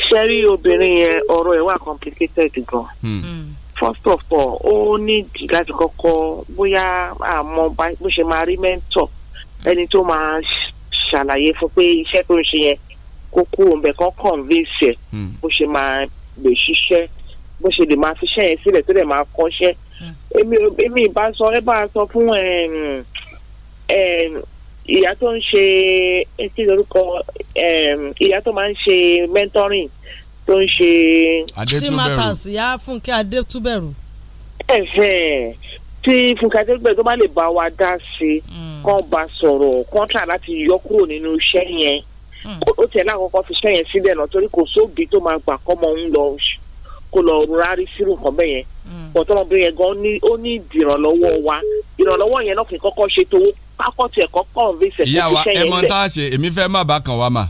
ṣẹ́rí obìnrin yẹn ọ̀rọ̀ ẹ̀ wà complicated gan. Hmm. Hmm. first of all ó nídìí láti kọ́kọ́ bóyá àmọ́ bó ṣe máa rí mentor ẹni tó máa ṣàlàyé fún pé iṣẹ́ tó ń ṣe yẹn kókó òǹbẹ̀ kan convince ẹ̀ hmm. bó ṣe máa lè ṣiṣẹ́ bó ṣe lè máa fi iṣẹ́ yẹn sílẹ̀ tó lè máa kọ́ṣẹ́ èmi ìbá sọ ẹ bá sọ fún ìyá tó ń ṣe kí lorúkọ ìyá tó máa ń ṣe mentoring tó ń ṣe. adétúbẹ̀rù ṣé matters ìyá fúnkẹ́ adétúbẹ̀rù. ẹ̀fẹ̀ tí fúnkẹ́ adétúbẹ̀rù tó bá lè bá wa dá sí hmm. kán bá sọ̀rọ̀ kán tà láti yọ kúrò nínú iṣẹ́ yẹn hmm. ó tẹ̀ lákòókò fi iṣẹ́ yẹn sílẹ̀ náà torí kò sóòbí tó máa gbà kọ́mọ ń lọ kó lọ rárí sírù nǹkan bẹ́ẹ̀ yẹn pọ̀tọ́mọbìnrin hmm. yẹn gan ó ní ìdìrànlọ́wọ́ wa ìrànlọ́wọ́ yẹn náà kì í kọ́kọ́ ṣe kákọ́tì ẹ̀kọ́ convince ẹ̀kọ́ iṣẹ́ yẹn lẹ̀. ìyá wa ẹ mọ tá a ṣe èmi fẹ́ má bàa kàn wá mà.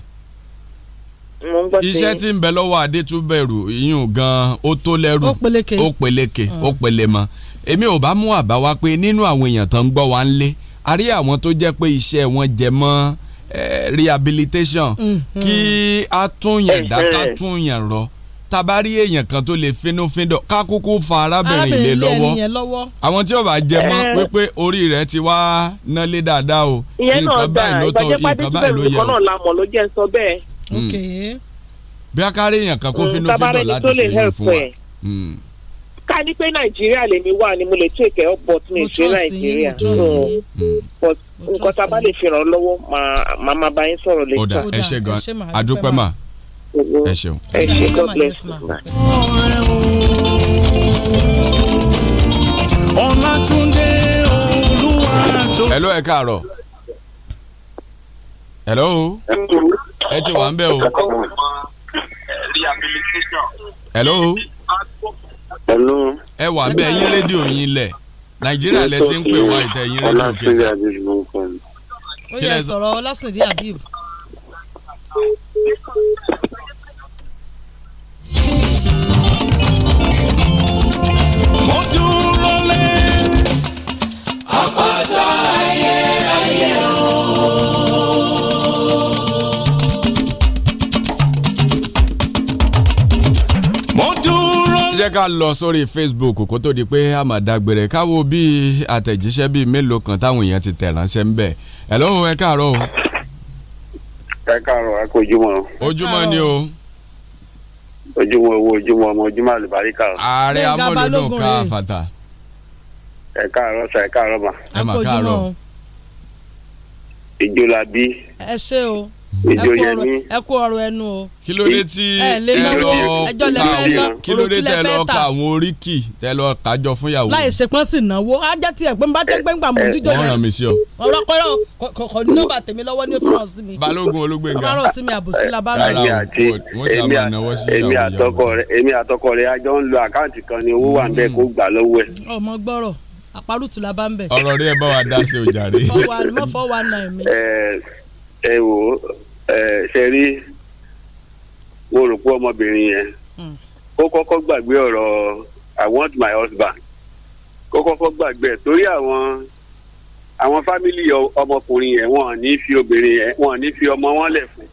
iṣẹ́ tí ń bẹ lọ́wọ́ adétúbẹ̀rù yín gan-an ó tó lẹ́rù ó peléke ó peléke mm. èmi ò bá mú àbá wa pé nínú àwọn èèyàn tó ń gbọ́ wa ń lé a rí àwọn tó jẹ́ pé iṣẹ́ wọn jẹ mọ́ eh, rehabilitation mm. kí a tún yàn dá ká tún yàn rọ tabari èèyàn kan tó lè finúfindọ̀ kákúkú fa arábìnrin ilé lọ́wọ́ àwọn tí ó bá jẹ mọ́ eh. wípé orí rẹ̀ ti wá ná lé dáadáa o nǹkan báyìí ló tọ́ nǹkan báyìí ló yẹ o. Hmm. bí akárí èèyàn kan kó hmm, finúfindọ̀ láti ṣe é fún wa hmm. ká ní pé nàìjíríà lèmi wà ni mo lè tún èkẹ́ but mi ṣe nàìjíríà but nǹkan tá a bá lè fi ràn lọ́wọ́ màá máa bá yín sọ̀rọ̀ lẹ́yìn. ó dà gan-an adúpẹ́ mà ṣègùn ẹ ṣe god bless you. ọlátúndé olúwa. hello ẹ káàárọ̀. hello ẹ ti wà ń bẹ̀ o. hello. hello. ẹ wà ń bẹ̀ yín rédíò yín lẹ̀ nàìjíríà lẹ ti ń pè wá ìtẹ̀ yín rédíò kẹsàn. ó yẹ sọ̀rọ̀ ọlásìndí abib. dúró lé. àpáta ká lọ sórí Facebook kó tó di pé a máa dágbére ká wo bí àtẹ̀jíṣẹ́ bíi mélòó kan táwọn èèyàn ti tẹ̀ ránṣẹ́ ń bẹ̀ ẹ̀ lọ́wọ́ ẹ káàárọ̀ o. ẹ káàárọ̀ ẹ kó ojúmọ́. ojúmọ́ ni o. Ojúmọ owó ojúmọ ọmọ ojúmọ́ àlùbáríkà. ààrẹ amọ́lòdò ká fata. ẹ káàárọ̀ sa ẹ káàárọ̀ ma. ẹ mà káàárọ̀. ìjọ la bí. ẹ o. ìjòyèmí. ẹ kú ọ̀rọ̀ ẹnu o. kí ló dé tí ẹ lọ kí ló dé tẹ lọ ka àwọn oríkì tẹ lọ kájọ fún yàwó. láì ṣe pọ́n náwó ajá tiẹ̀ pé n bá tẹ́ pé n gbà mọ́ jíjọ yẹn. wọ́n ràn mí ní nọ́mbà tèmi lọ́wọ́ ní òfin ọ̀sìn mi. balógun ológbèǹga ọ̀rọ̀ ọ̀sìn mi àbòsí la bá mi. èmi àtọkọ rẹ àjọ ń lo àkáǹtì kan ni owó wà ń bẹ mm. kó gbà lọ́wọ́ ẹ̀. ọmọ gbọ́rọ̀ ẹ wo ṣe rí mo rò pé ọmọbìnrin yẹn hmm. ó kọ́kọ́ gbàgbé ọ̀rọ̀ i want my husband kó kọ́kọ́ gbàgbé torí àwọn àwọn fámìlì ọmọkùnrin yẹn wọn ní fi obìnrin yẹn wọn ní fi ọmọ wọn lẹ̀ fún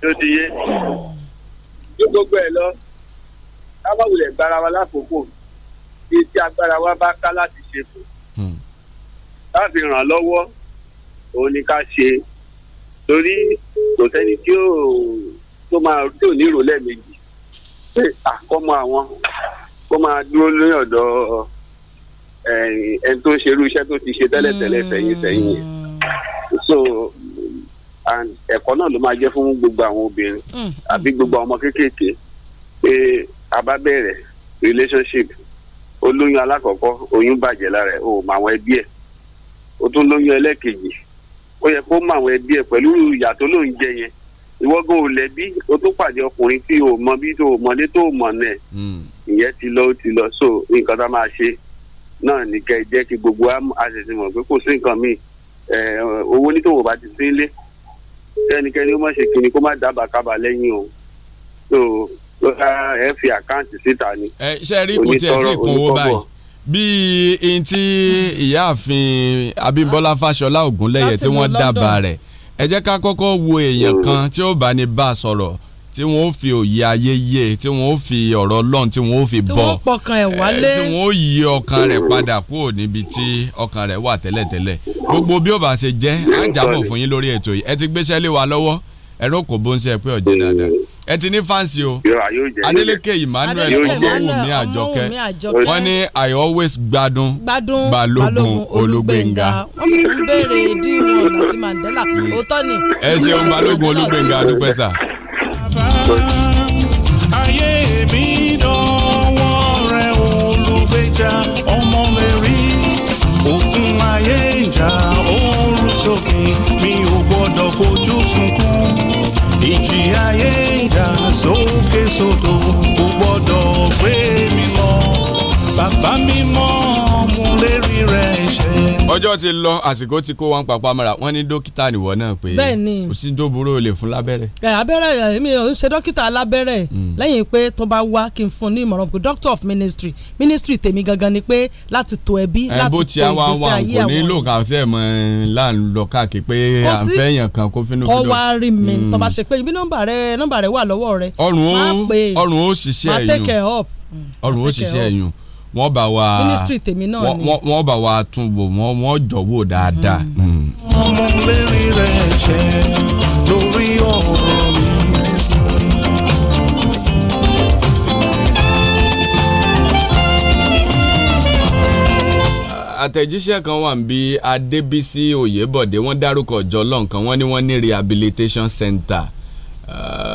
tó hmm. ti yé tó gbogbo ẹ̀ lọ káwọn wulẹ̀ gbára wa lákòókò bí tí agbára wa bá ká láti ṣe fún hmm. láti ràn lọ́wọ́ òun ni ká ṣe torí kò sẹ́ni tí ó tó máa tí ò ní rò lẹ́ẹ̀mejì pé àkọ́mọ àwọn kó máa dúró lórí ọ̀dọ̀ ẹni tó ń ṣerú iṣẹ́ tó ti ṣe tẹ́lẹ̀tẹ́lẹ̀ sẹ́yìn sẹ́yìn yẹn so ẹ̀kọ́ náà ló máa jẹ́ fún gbogbo àwọn obìnrin mm. àbí gbogbo àwọn ọmọ kéékèèké pé a bá bẹ̀rẹ̀ relationship olóyún alákọ̀ọ́kọ́ oyún bàjẹ́ lára ẹ̀ o mọ àwọn ẹbí ẹ̀ o tún lóyún ẹlẹ́ẹ̀kejì ó yẹ kó mọ àwọn ẹbí ẹ pẹ̀lú ìyàtọ̀ ló ń jẹ yẹn ìwọ́gàn ò lẹ́bí o tó pàdé ọkùnrin tí o mọ bí tó o mọlé tó o mọ nẹ̀ hmm. ìyẹn ti lọ ó ti lọ so nǹkan tá a máa ṣe náà ní kẹ jẹ́ kí gbogbo àṣẹṣe mọ̀ pé kò sí nǹkan míì owó nítòwò bá ti sí ilé kẹ́nikẹ́ni ó má ṣe kíni kó má dábàá kábàá lẹ́yìn o so ẹ fi àkáǹtì síta ni. ẹ ṣe rí kò tiẹ̀ bíi eyín tí ìyáàfin Abímbọ́lá Fáṣọlá Ògúnlẹ́yẹ tí wọ́n dábàá rẹ̀ ẹ jẹ́ ká kọ́kọ́ wo èèyàn kan tí ó bá ní bá a sọ̀rọ̀ tí wọn ó fi òye ayé yé tí wọn ó fi ọ̀rọ̀ Ọlọ́run tí wọn ó fi bọ̀ tí wọn ó pọkàn ẹ̀ wálé tí wọn ó yí ọkàn rẹ̀ padà kúrò níbi tí ọkàn rẹ̀ wà tẹ́lẹ̀tẹ́lẹ̀ gbogbo bí ó bá ṣe jẹ́ á fún yín lórí ètò yìí ẹ ti gbéṣẹ́ lé wa lọ́wọ́ ẹ̀rọ kò bó ń ṣe ẹ pé ọ̀jẹ̀ dáadáa ẹ ti ní fáǹsì o Adeleke Emmanuel Ọmọwùmí Àjọkẹ́ wọ́n ní I always gbádùn Balógun Olúgbéngà. wọ́n sì ń béèrè díìmù ọ̀nà tí Mandela mm. òótọ́ ni. ẹ ṣeun Balógun Olúgbéngà dúpẹ́ sà. ayé mi dánwọ́ rẹ̀ olùgbèjà ọmọ mi rí òkun ayé ìjà oorun sókè mi ò gbọ́dọ̀ fojú sunkún ìjì ayé já sókè sódò kò gbọ́dọ̀ gbé mi mọ́ bàbá mi mọ́ ọjọ́ ti lọ àsìkò ti kó wọn papá mọ́ra wọ́n ní dókítà nìwọ náà pé kò sí tó lè fún lábẹ́rẹ́. ẹ abẹ́rẹ́ mi ò ń ṣe dókítà alábẹ́rẹ́ hmm. lẹ́yìn pé tó bá wá kí n fún ní ìmọ̀ràn pé doctor of ministry ministry tèmi gangan ni pé láti tó ẹbí láti tó ìgbésí ayé àwọn. kò nílò kàṣẹ́ mọ́ láńlọ káàkiri pé à ń fẹ́ yàn kan kó fínú fínú. ọwọ́ rí mi hmm. tó bá ṣe pé ibi nọ́mbà rẹ nọ́mbà rẹ wà lọ́wọ́ rẹ. ọrùn ó ṣiṣẹ́ ẹ̀yùn ọrùn ó ṣiṣẹ́ ẹ̀yùn wọ́n bá wa ministry tèmi náà ni wọ́n bá wa tún wò wọ́n wọ́n jọ wò dáadáa. ọmọ lérí rẹ̀ ṣe lórí ọ̀rọ̀ mi. àtẹ̀jíṣẹ́ kan wà níbi Adébísí Oyèbọ̀dé wọ́n dárúkọ ìjọ wọ́n ní wọ́n ní rehabilitation center. Uh,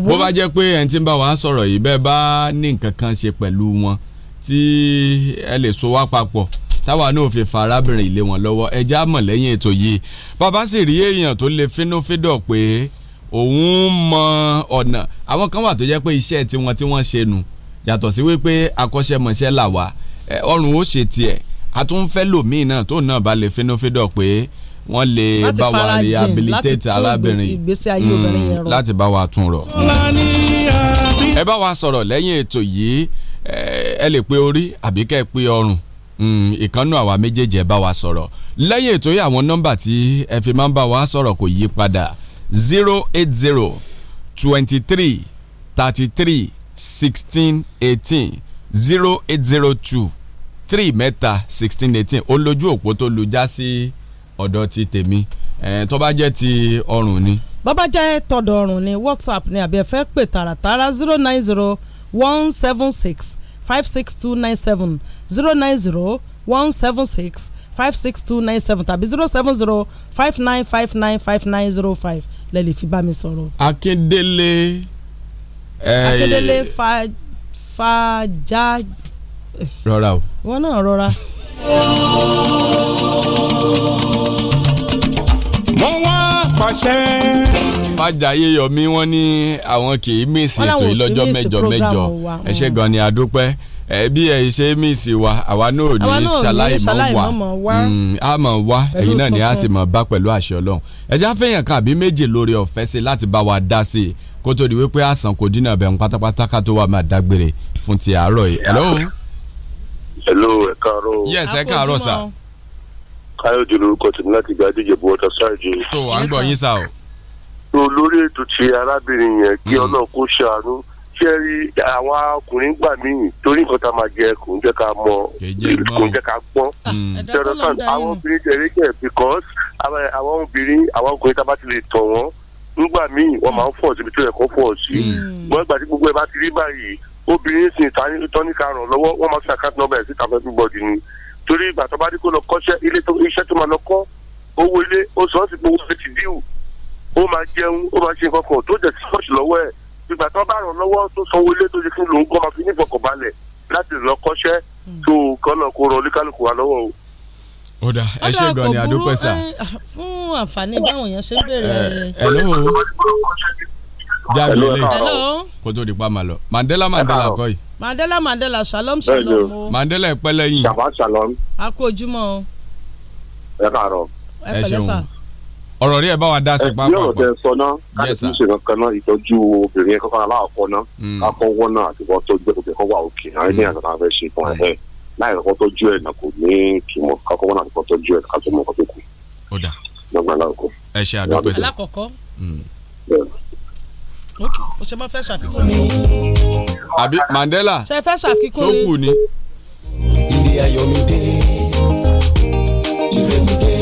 bó bá jẹ́ pé ẹni tí ń bá wa sọ̀rọ̀ yìí bẹ́ẹ̀ bá ní nǹkan kan ṣe pẹ̀lú wọn tí ẹ lè so wá papọ̀ táwa náà fi fa arábìnrin ilé wọn lọ́wọ́ ẹja mọ̀ lẹ́yìn ètò yìí bàbá sì rí èèyàn tó lè fínúfíndọ̀ pé òun mọ ọ̀nà àwọn kan wà tó jẹ́ pé iṣẹ́ tiwọn tí wọ́n ṣe nù yàtọ̀ sí wípé akọ́ṣẹ́mọṣẹ́ là ọrùn ó ṣe tiẹ̀ a lòmíì náà tó náà bá lè fínúfíndọ̀ pé wọ́n lè bá wa rehabilitate arábìnrin hmm, láti bá wa tún rọ̀. ẹ bá wa sọ̀rọ̀ lẹ́yìn ètò yìí ẹ lè pe orí àbí kẹ́ ẹ pe ọrùn hmm, ìkànnù àwa méjèèjì ẹ bá wa sọ̀rọ̀ lẹ́yìn ètò yìí àwọn nọ́mbà tí ẹ fi máa ń bá wa sọ̀rọ̀ kò yí padà zero eight zero twenty three thirty three sixteen eighteen zero eight zero two three mẹ́ta sixteen eighteen ó lójú òpó tó lu já sí ọ̀dọ̀ ti tèmi tó bá jẹ́ ti ọrùn ni. bọ́bá jẹ́ tọ̀dọ̀ ọrùn ni whatsapp ni àbí ẹ fẹ́ pè tààràtààrà zero nine zero one seven six five six two nine seven zero nine zero one seven six five six two nine seven tàbí zero seven zero five nine five nine five nine zero five lẹ lè fi bá mi sọ̀rọ̀. akíndélé. Eh, akíndélé fa fàjà. rọra o. wọn náà rọra pàṣẹ. májàyé yọmí wọn ní àwọn kì í mísì ètò yìí lọ́jọ́ mẹ́jọ mẹ́jọ ẹ gan ni adúpẹ́ ẹbí ẹ ṣe mísì wa àwa náà ní ṣàlàyé mọ́ wa mm, a mọ̀ wá ẹ̀yin náà ni a sì mọ̀ bá pẹ̀lú àṣẹ ọlọ́run ẹjẹ́ àfẹ́yàn kan àbí méje lórí ọ̀fẹ́ sí láti bá wa dá sí i kó tó di wípé àsàn kò dínà bẹ̀rù pátápátá ká tó wà máa dágbére fún ti àárọ̀ yìí. hello. hello ẹ káàárọ̀. yes ẹ káàárọ̀ sir. káyọ̀dé lórúkọ tèmi láti gba àdéjẹ̀bù ọ̀tà ṣáàjì. tó à ń yín sá o. tó ètò ti arábìnrin yẹn kí hmm. ọlọ́run kó ṣàánú ṣé rí àwọn ọkùnrin gbà míì torí nǹkan tá a máa jẹ kò ń jẹ́ ká mọ kò ń jẹ́ ká gbọ́n. Hmm. ṣẹ́rọ̀tàn àwọn obìnrin jẹ̀ because àwọn obìnrin àwọn ọkùnrin tá a bá ti lè tọ̀ wọ́n nígbà míì wọ́n máa ń fọ̀ síbi tó yẹ kó fọ̀ sí. wọ́n hmm. gbà tí gbogbo ẹ bá ti rí báyìí obìnrin sì tán torí ìgbà tó bá dé kó lọ kọ́ṣẹ́ ilé tó iṣẹ́ tó máa lọ kọ́ owó ilé ó sọ ọ́ sì pé owó ilé ti díù ó máa jẹun ó máa ṣe nǹkan kan tó jẹ sí ṣọ́ọ̀ṣì lọ́wọ́ ẹ̀ ìgbà tó bá ràn lọ́wọ́ tó sanwó ilé tó ṣe kí lòun kọ́ máa fi ní ìfọkànbalẹ̀ láti lọ kọ́ṣẹ́ tó hmm. kọ́ náà kó rọ oníkálukú wa lọ́wọ́ o ó dà ẹ ṣe gan ni àdópẹ́ sà. fún àǹfààní báwọn èèyàn ṣe ń béèrè. ẹ jáde lé kó tó di pa máa lọ mandela mandela kọ́ yìí. mandela mandela shalom shalom o. mandela ẹ pẹ́ lẹ́yìn. jàpá shalom. a kú ojúmọ́ o. ẹ káàárọ̀. ẹ ṣeun ọ̀rọ̀ rí ẹ bá wa dá sí pápá. yóò tẹ sọ náà káyọ̀ tí ń ṣe kankan náà ìtọ́jú obìnrin ẹ̀kọ́ kan aláàkọ́ náà akọ́wọ́ hmm. náà àti wọ́n tó jẹ́ obìnrin kan wà òkè àwọn ẹni àgbàdo afẹ́ ṣe fún hmm. ẹ̀ láì kọ́ tọ́jú ẹ̀ náà kò ní kí mọ̀ kakọ́wọ́ náà àti kọ́ tọ́jú ẹ̀ ká tó mọ̀ kọ́ tó kù. ó dà ẹ ṣe àdúgbò hmm. ẹ̀ ok o ṣe máa fẹ́ ṣàfikún ni. àbí Mandela ṣe fẹ́ ṣàfikún ni. sókù ni. ire ayọ̀mídé ire mi dé.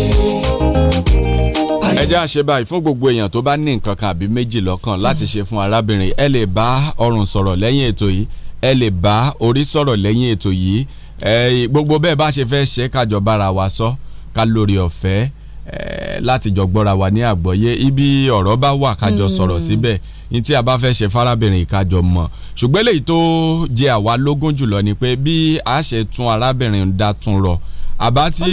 ẹ jẹ́ àṣẹ báyìí fún gbogbo èèyàn tó bá ní nǹkan kan àbí méjì lọ́kàn láti ṣe fún arábìnrin ẹ lè bá ọrùn sọ̀rọ̀ lẹ́yìn ètò yìí ẹ lè bá orí sọ̀rọ̀ lẹ́yìn ètò yìí gbogbo bẹ́ẹ̀ bá ṣe fẹ́ ṣe kájọ bára wa sọ ká lórí ọ̀fẹ́ Eh, láti jọ gbọ́ra wa ní àgbọ́yé ibi ọ̀rọ̀ bá wà kájọ hmm. sọ̀rọ̀ síbẹ̀ ní tí a bá fẹ́ ṣe fárábìnrin kájọ mọ̀ ṣùgbọ́n èyí tó jẹ àwa lógún jùlọ ni pé bí a ṣe tún arábìnrin dá tún rọ àbá tí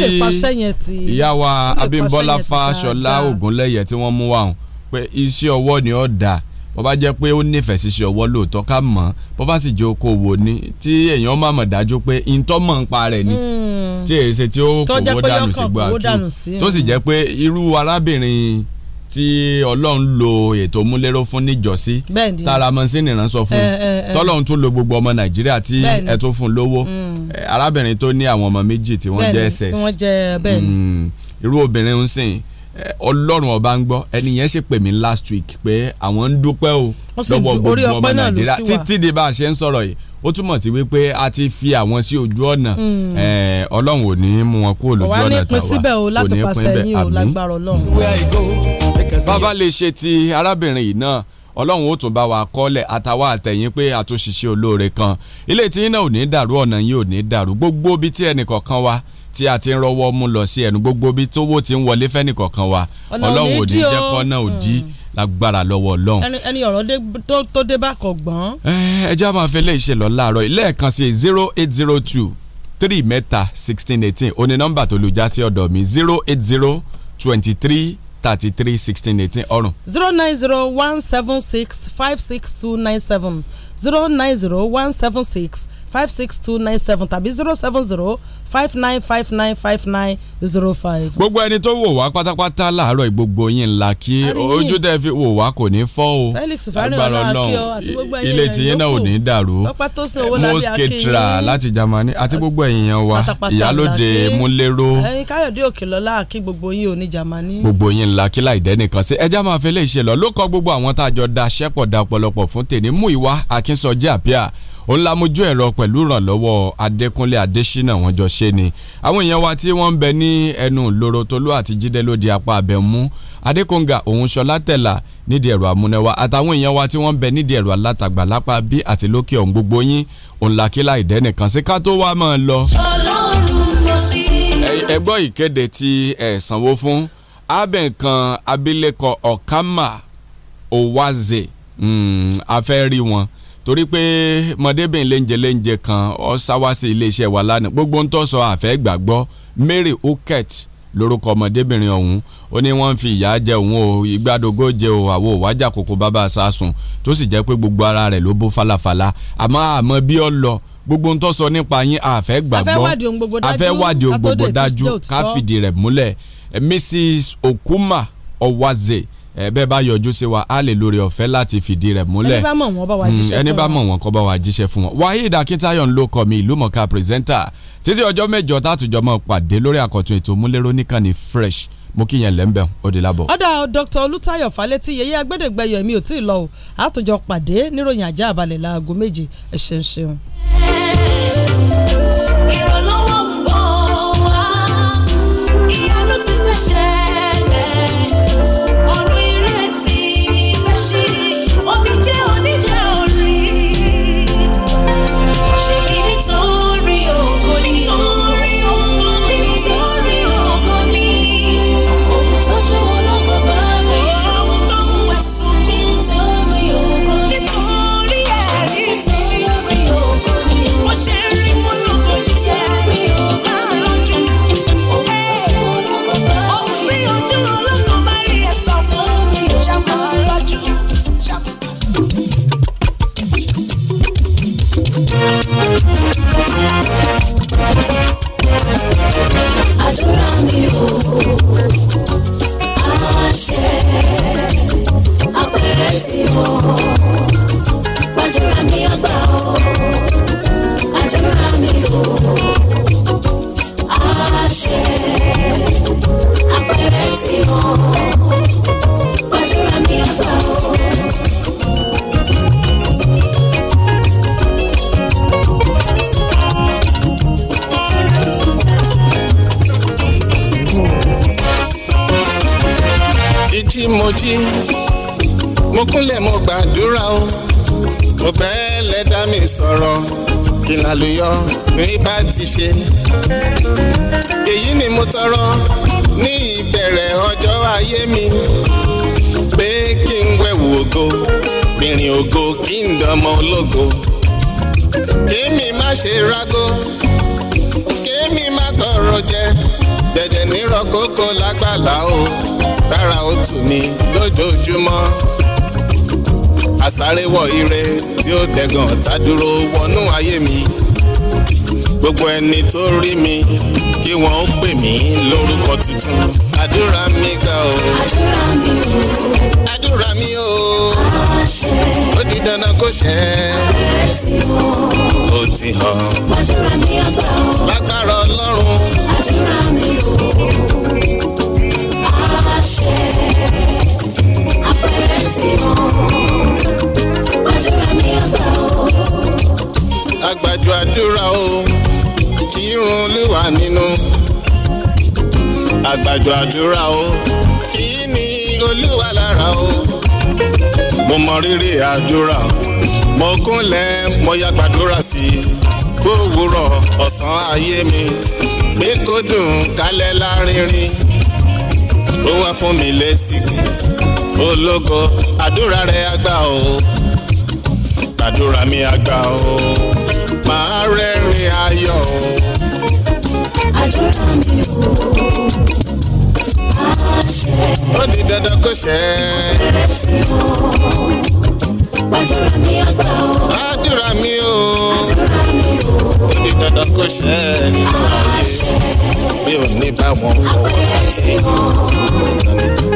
ìyá wa Abímbọ́lá Fáṣọlá Ògúnlẹ́yẹ tí wọ́n mú wá hàn pé iṣẹ́ ọwọ́ ni ó dáa bó bá jẹ́ pé ó nífẹ̀ẹ́ ṣiṣẹ́ ọwọ́ lóòótọ́ ká mọ̀ bó bá sì jẹ́ okòwò ni tí èèyàn má mọ̀ dájú pé ìtọ́mọ̀ ń pa rẹ̀ ni hmm. tí èyí ṣe tí ó kòwò dànù sí gbọ́ àtú tó sì hmm. jẹ́ pé irú arábìnrin tí ọlọ́run lo ètò múlẹ́rọ́ fún níjọ́sí tára mọ́sínì ránṣọ fún eh, eh, eh. tọ́lọ́run tún lo gbogbo ọmọ nàìjíríà tí ẹ tó fún lówó hmm. arábìnrin tó ní àwọn ọmọ méjì tí wọ́n jẹ́ ss irú obìnrin ń sìn ọlọ́run ọba ń gbọ́ ẹni yẹn sì pè mí last week pé àwọn ń dúpẹ́ o lọ́wọ́ gbogbo ọmọ nàìjíríà títí di bá a ṣe ń sọ̀rọ̀ yìí ó túmọ̀ sí wípé a ti fi àwọn sí ojú ọ̀nà hmm. ọlọ́run ò ní mú wọn kúrò lójú ọ̀nà tàwa kò ní pín bẹ́ẹ̀ àmín. bàbá lè ṣe ti arábìnrin yìí náà ọlọ́run ó tún bá wa kọ́lẹ̀ àtàwa àtẹ̀yìn pé àtúnṣiṣẹ́ olóore kan ilé tí iná ò ní dàrú ọ̀nà yìí ò ní dàrú gbogbo ibi tí ẹnìkọ̀ọ̀kan wa tí a ti ń rọwọ́ mú lọ sí ẹnu gbogbo bí tówó ti ń wọlé fẹ́nìkọ̀ọ̀kan wa ọlọ́run ò jẹ́ kọ́ náà ò mm. lágbára lọ́wọ́ ọlọ́run. ẹni ọ̀rọ̀ tó dé bá kọ̀ gbọ́n. ẹ jẹ́ àwọn afẹ́lẹ́ ìṣẹ̀lọ láàárọ̀ ilé-ẹ̀kan sí zero eight zero two three mẹ́ta sixteen eighteen ó ní nọ́mbà tó lu já sí ọ̀dọ̀ mi zero eight zero twenty three thirty three sixteen eighteen ọrùn. zero nine zero one seven six five six two nine seven zero nine zero one seven six five six two nine seven tàbí zero seven zero five nine five nine five nine zero five. gbogbo ẹni tó wò wá pátápátá láàárọ̀ gbogbo yín la kí ojú tẹ́ fi wò wá kò ní fọ́ o Felix Faníwọlá kí o àti gbogbo ẹ̀yin ilé tiyín náà ò ní dàrú Mose Ketra láti Germany àti gbogbo ẹ̀yin yẹn wa ìyálòde múlẹ́rọ. ẹ̀yin Káyọ̀dé Òkèlọ́lá kí gbogbo yín ò ní Germany. gbogbo yín la kí láì dẹ́nìkan sí ẹja máa fẹ́ lè ṣe lọ ló kọ gbogbo àwọn tá a jọ da ṣẹ́pọ̀ da ọ̀pọ̀lọpọ̀ fún tèmi mú ìwá Akínsọjí àpíà òun la mojú ẹ̀rọ pẹ̀lú ìrànlọ́wọ́ Adékúnlé Adéṣínà wọn jọ ṣe ni àwọn èèyàn wa tí wọ́n ń bẹ ní ẹnu ìloro Tolú àti Jídé lóde apá abẹ́mú Adékọ̀ǹgà òun Ṣọlá Tẹ̀là nídìí ẹ̀rọ amúnẹ́wá àtàwọn èèyàn wa tí wọ́n ń bẹ nídìí ẹ̀rọ alátagbà lápá bí àti lókè ọ̀hún gbogbo yín òun làkílà ìdẹ́nìkan sí ká tó wá máa lọ. Ọlọ́run ìkéde tí ẹ̀ sanwó fún abẹ́ǹkan abilékọ Ọ̀kánmà Owaze hmm, a fẹ́ rí wọn torí pé mọ̀débìn léńjẹ léńjẹ kan ọ iléeṣẹ́ wa lánàá gbogbo ń tọ́ sọ àfẹ́ gbàgbọ́ Mary Oket lórúkọ ọmọdébìnrin ọ̀hún ó ní wọ́n ń fi ìyà jẹ òun o ìgbàdógó jẹ o àwo òwájà kòkó bàbá sásùn tó sì jẹ́ pé gbogbo ara rẹ̀ ló bó falafala àmọ́ àmọ́ bí ó lọ gbogbo ń tọ́ sọ nípa yín àfẹ́ gbàgbọ́ àfẹ́ wádìí ohun gbogbo dájú ká fìdí rẹ̀ múlẹ̀ Mrs Okuma Owaze ẹ bẹ́ẹ̀ bá yọjú sí wa a lè lórí ọ̀fẹ́ láti fìdí rẹ̀ múlẹ̀ ẹni bá mọ̀ wọ́n bá wa hmm, jíṣẹ́ fún wọn ẹni bá kọ́ bá wa jíṣẹ́ fún wọn. Waheed Akintayo ń lo kọ mi ìlú mọ̀ká pírẹsẹ́ńtà títí ọjọ́ mẹ́jọ tátùjọ́ mọ̀ pàdé lórí àkọ́tún ètò múlẹ́rọ́ nìkan ní fresh mo kí yẹn lẹ́ńbẹ̀ ó di lábọ̀. ọ̀dà Dr. Olútáyọ̀ Fálétí yẹyẹ agbẹ́dẹ̀gbẹ́yọ̀ mi ò tí ì lọ o àtúnjọ pàdé níròyìn ajá àbálẹ̀ láago méje ẹ ṣeun àsárẹ́wọ̀ ire tí ó dẹ̀gàn tádúró wọnú ayé mi gbogbo ẹni tó rí mi kí wọ́n ó pè mí lórúkọ tuntun àdúrà mi ga o àdúrà mi o ó di dandan kó ṣẹ ó ti hàn lágbára ọlọ́run àdúrà mi o. agbájú àdúrà o kì í run olúwa nínú agbájú àdúrà o kì ni ní olúwa lára o mo mọ rírì àdúrà mo kúnlẹ̀ mo yá gbàdúrà sí i kó wúrọ̀ ọ̀sán ayé mi pé kó dùn kálẹ̀ lárinrin ó wá fún mi létí ológo àdúrà rẹ àgbà o àdúrà mi àgbà o màá rẹ́rìn ayọ̀ o. àdúrà mi o máa ṣe. ó di dandan kó ṣe. àdúrà mi àgbà o. àdúrà mi o. àdúrà mi o. ó di dandan kó ṣe. máa ṣe. mi ò ní bá wọn fọwọ́. àpẹẹrẹ sí wọn.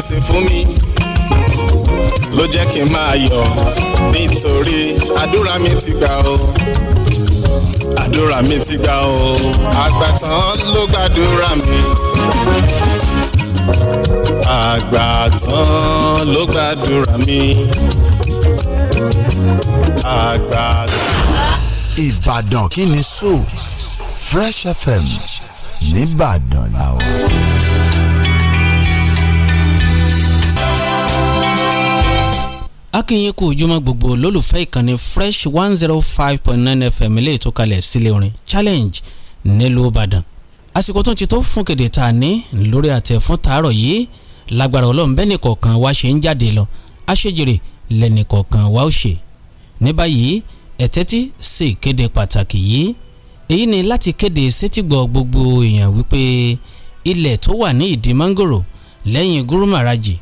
pèsè fún mi ló jẹ́ kí n máa yọ̀ nítorí àdúrà mi ti gbà o àdúrà mi ti gbà o àgbàtàn ló gbàdúrà mi àgbàtàn ló gbàdúrà mi àgbàtàn. Ìbàdàn kí ni so Fresh FM nìbàdàn akínyìn kú ojúmọ́ gbogbo lólùfẹ́ ìkànnì fresh one zero five point nine fm ilé ìtúkalẹ̀ sílé orin challenge nílùú ìbàdàn àsìkò tó ti tó fún kéde tá a ní lórí àtẹ fún tàárọ̀ yìí lágbára ọlọ́run bẹ́ẹ̀ nìkọ̀ọ̀kan wa ṣe ń jáde lọ àṣejèrè lẹ́nìkọ̀ọ̀kan wa ó ṣe ní báyìí ẹ̀tẹ́tí sí ìkéde pàtàkì yìí èyí ni láti kéde sétígbọ̀ gbogbo èèyàn wípé ilẹ̀ tó wà ní ìdí mángòrò lẹ́yìn gurumaraji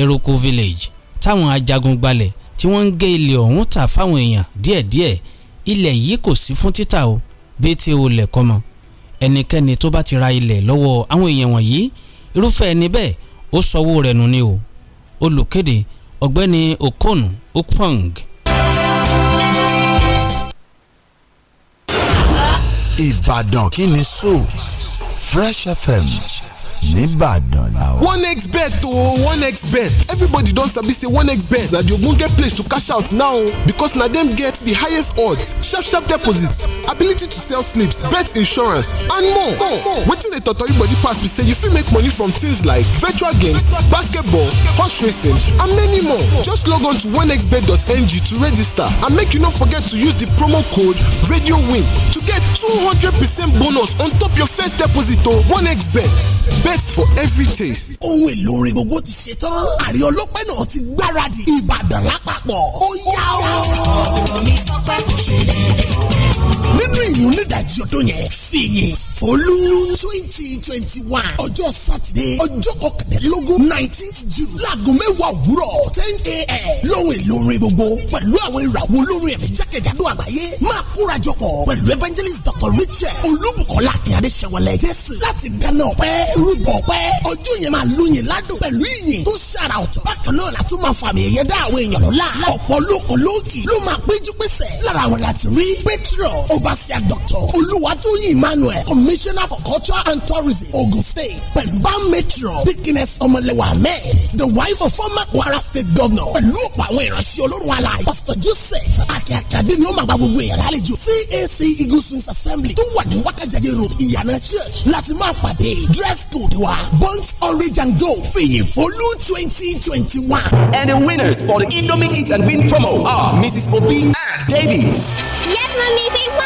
eruku village táwọn ajagun gbalẹ̀ tí wọ́n ń gé ilẹ̀ ọ̀hún tà fáwọn èèyàn díẹ̀díẹ̀ ilẹ̀ yìí kò sí fún títà o bí tí o lẹ̀ kọ́ mọ́ ẹnikẹ́ni tó bá ti ra ilẹ̀ lọ́wọ́ àwọn èèyàn wọ̀nyí irúfẹ́ ẹni bẹ́ẹ̀ ó sọwọ́ rẹ̀ nù ni o olùkéde ọ̀gbẹ́ni okonu okwong. Ìbàdàn kí ni so Fresh FM nìbàdàn làwà. one x bet o oh, one x bet everybody don sabi say one x bet na the ogbonge place to cash out now oh, because na dem get the highest odds sharp sharp deposits ability to sell slips bet insurance and more. wetin dey totori body pass be say you fit make money from things like virtual games basketball horse racing and many more just log on to onexbet.ng to register and make you no forget to use the promo code radio win to get two hundred percent bonus on top your first deposit o oh, onexbet bet perfect for every taste. ohun èlò orin gbogbo ti ṣe tán àrí ọlọ́pẹ́ náà ti gbáradì ìbàdàn lápapọ̀ ó yá o. ọ̀rọ̀ mi tọ́pẹ́ kò ṣe déédéé nínú ìlú nídàjí ọdún yẹn fìyìn fọlú twenty twenty one ọjọ́ sátidé ọjọ́ kọkàndínlógún nineteenth june láago mẹ́wàá òwúrọ̀ ten a.m. lóhùn èlò orin gbogbo pẹ̀lú àwọn ìràwọ̀ olórin ẹ̀mí jákèjádò àgbáyé máa kórajọ pọ̀ pẹ̀lú evangelist dr richard olúbùkọ́lá akínyàdé sẹ̀wọ̀lẹ̀ jésù láti dáná ọpẹ́ rúbọ ọpẹ́ ọjọ́ yẹn máa lóyin ládùn pẹ̀lú ìyìn tó ṣàrà ọ̀tọ̀ bákan náà la tún máa fàmì ẹ̀yẹ dá àwọn èèyàn lọ́la ọ̀pọ̀ lóko lóòkì ló máa péjú pèsè lára àwọn láti rí pétrọ̀ overseer doctor olùwàtúyìn emmanuel commissioner for culture and tourism ogun state pẹ̀lú bá matron dikines ọmọlẹ́wà ahmed the wife of former kwara state governor pẹ̀lú ọ̀pọ̀ àwọn ìránṣẹ́ olórun alaye pastor joseph akíakíadé ni ó máa gba gbogbo ìyàrá àlejò cac eagle swings assembly tó wà ní wákàjáde road ìyànà church láti máa pàdé dress code wa burnt orange and gold fìyìn fólú twenty twenty one. and the winners for the indomie eat and win promo are mrs obi and davy. yes mami thank you.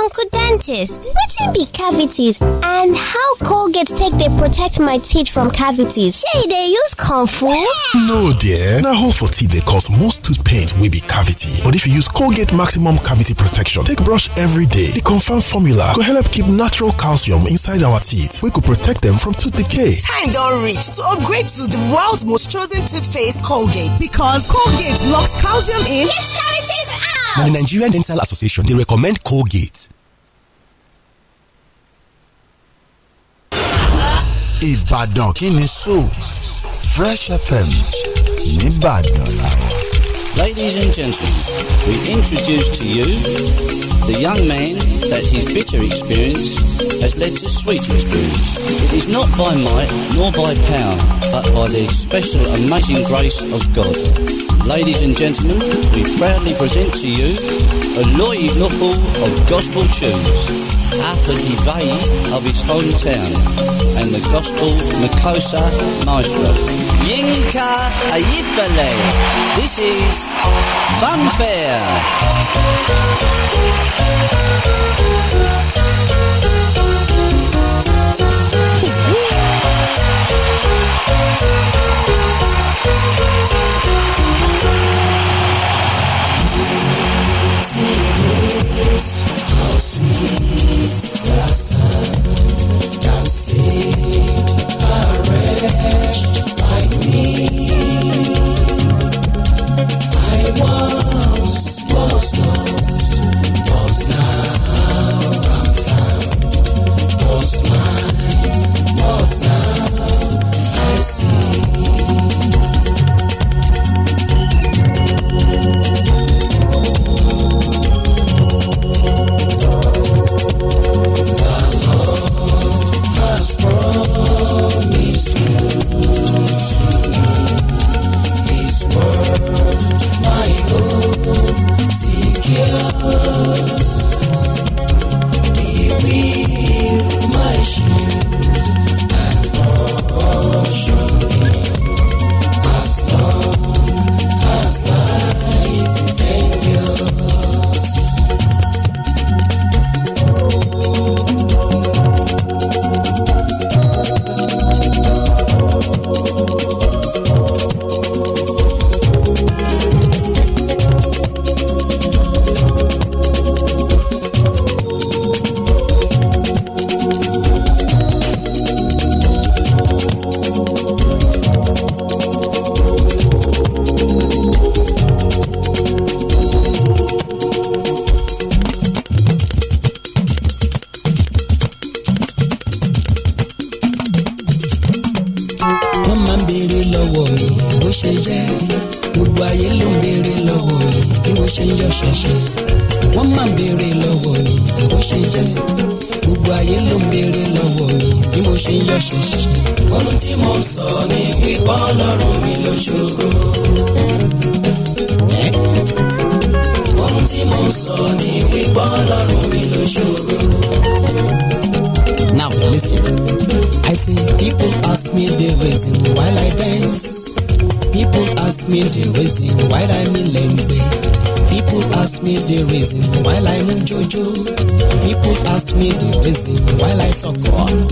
Uncle Dentist, can be cavities and how Colgate take they protect my teeth from cavities? Shey they use comfort? No dear, na hole for teeth they cause most tooth pain will be cavity. But if you use Colgate Maximum Cavity Protection take brush every day, the confirmed formula could help keep natural calcium inside our teeth We could protect them from tooth decay. Time don't reach to upgrade to the world's most chosen toothpaste Colgate because Colgate locks calcium in. Yes, cavities out! Ah! Now, the Nigerian Dental Association, they recommend Colgate. Ibadan kini soup. Fresh FM nìbàdàn làwọn. Ladies and gentlemen, we introduce to you the young man that his bitter experience has led to sweet experience. It is not by might nor by power, but by the special amazing grace of God. Ladies and gentlemen, we proudly present to you a loyal Knuckle of gospel tunes, Arthur the of his hometown, and the gospel Makosa Maestro. Ayifale. This is Funfair. me the reason why I'm in Lembe. People ask me the reason why I'm in Jojo. People ask me the reason why I suck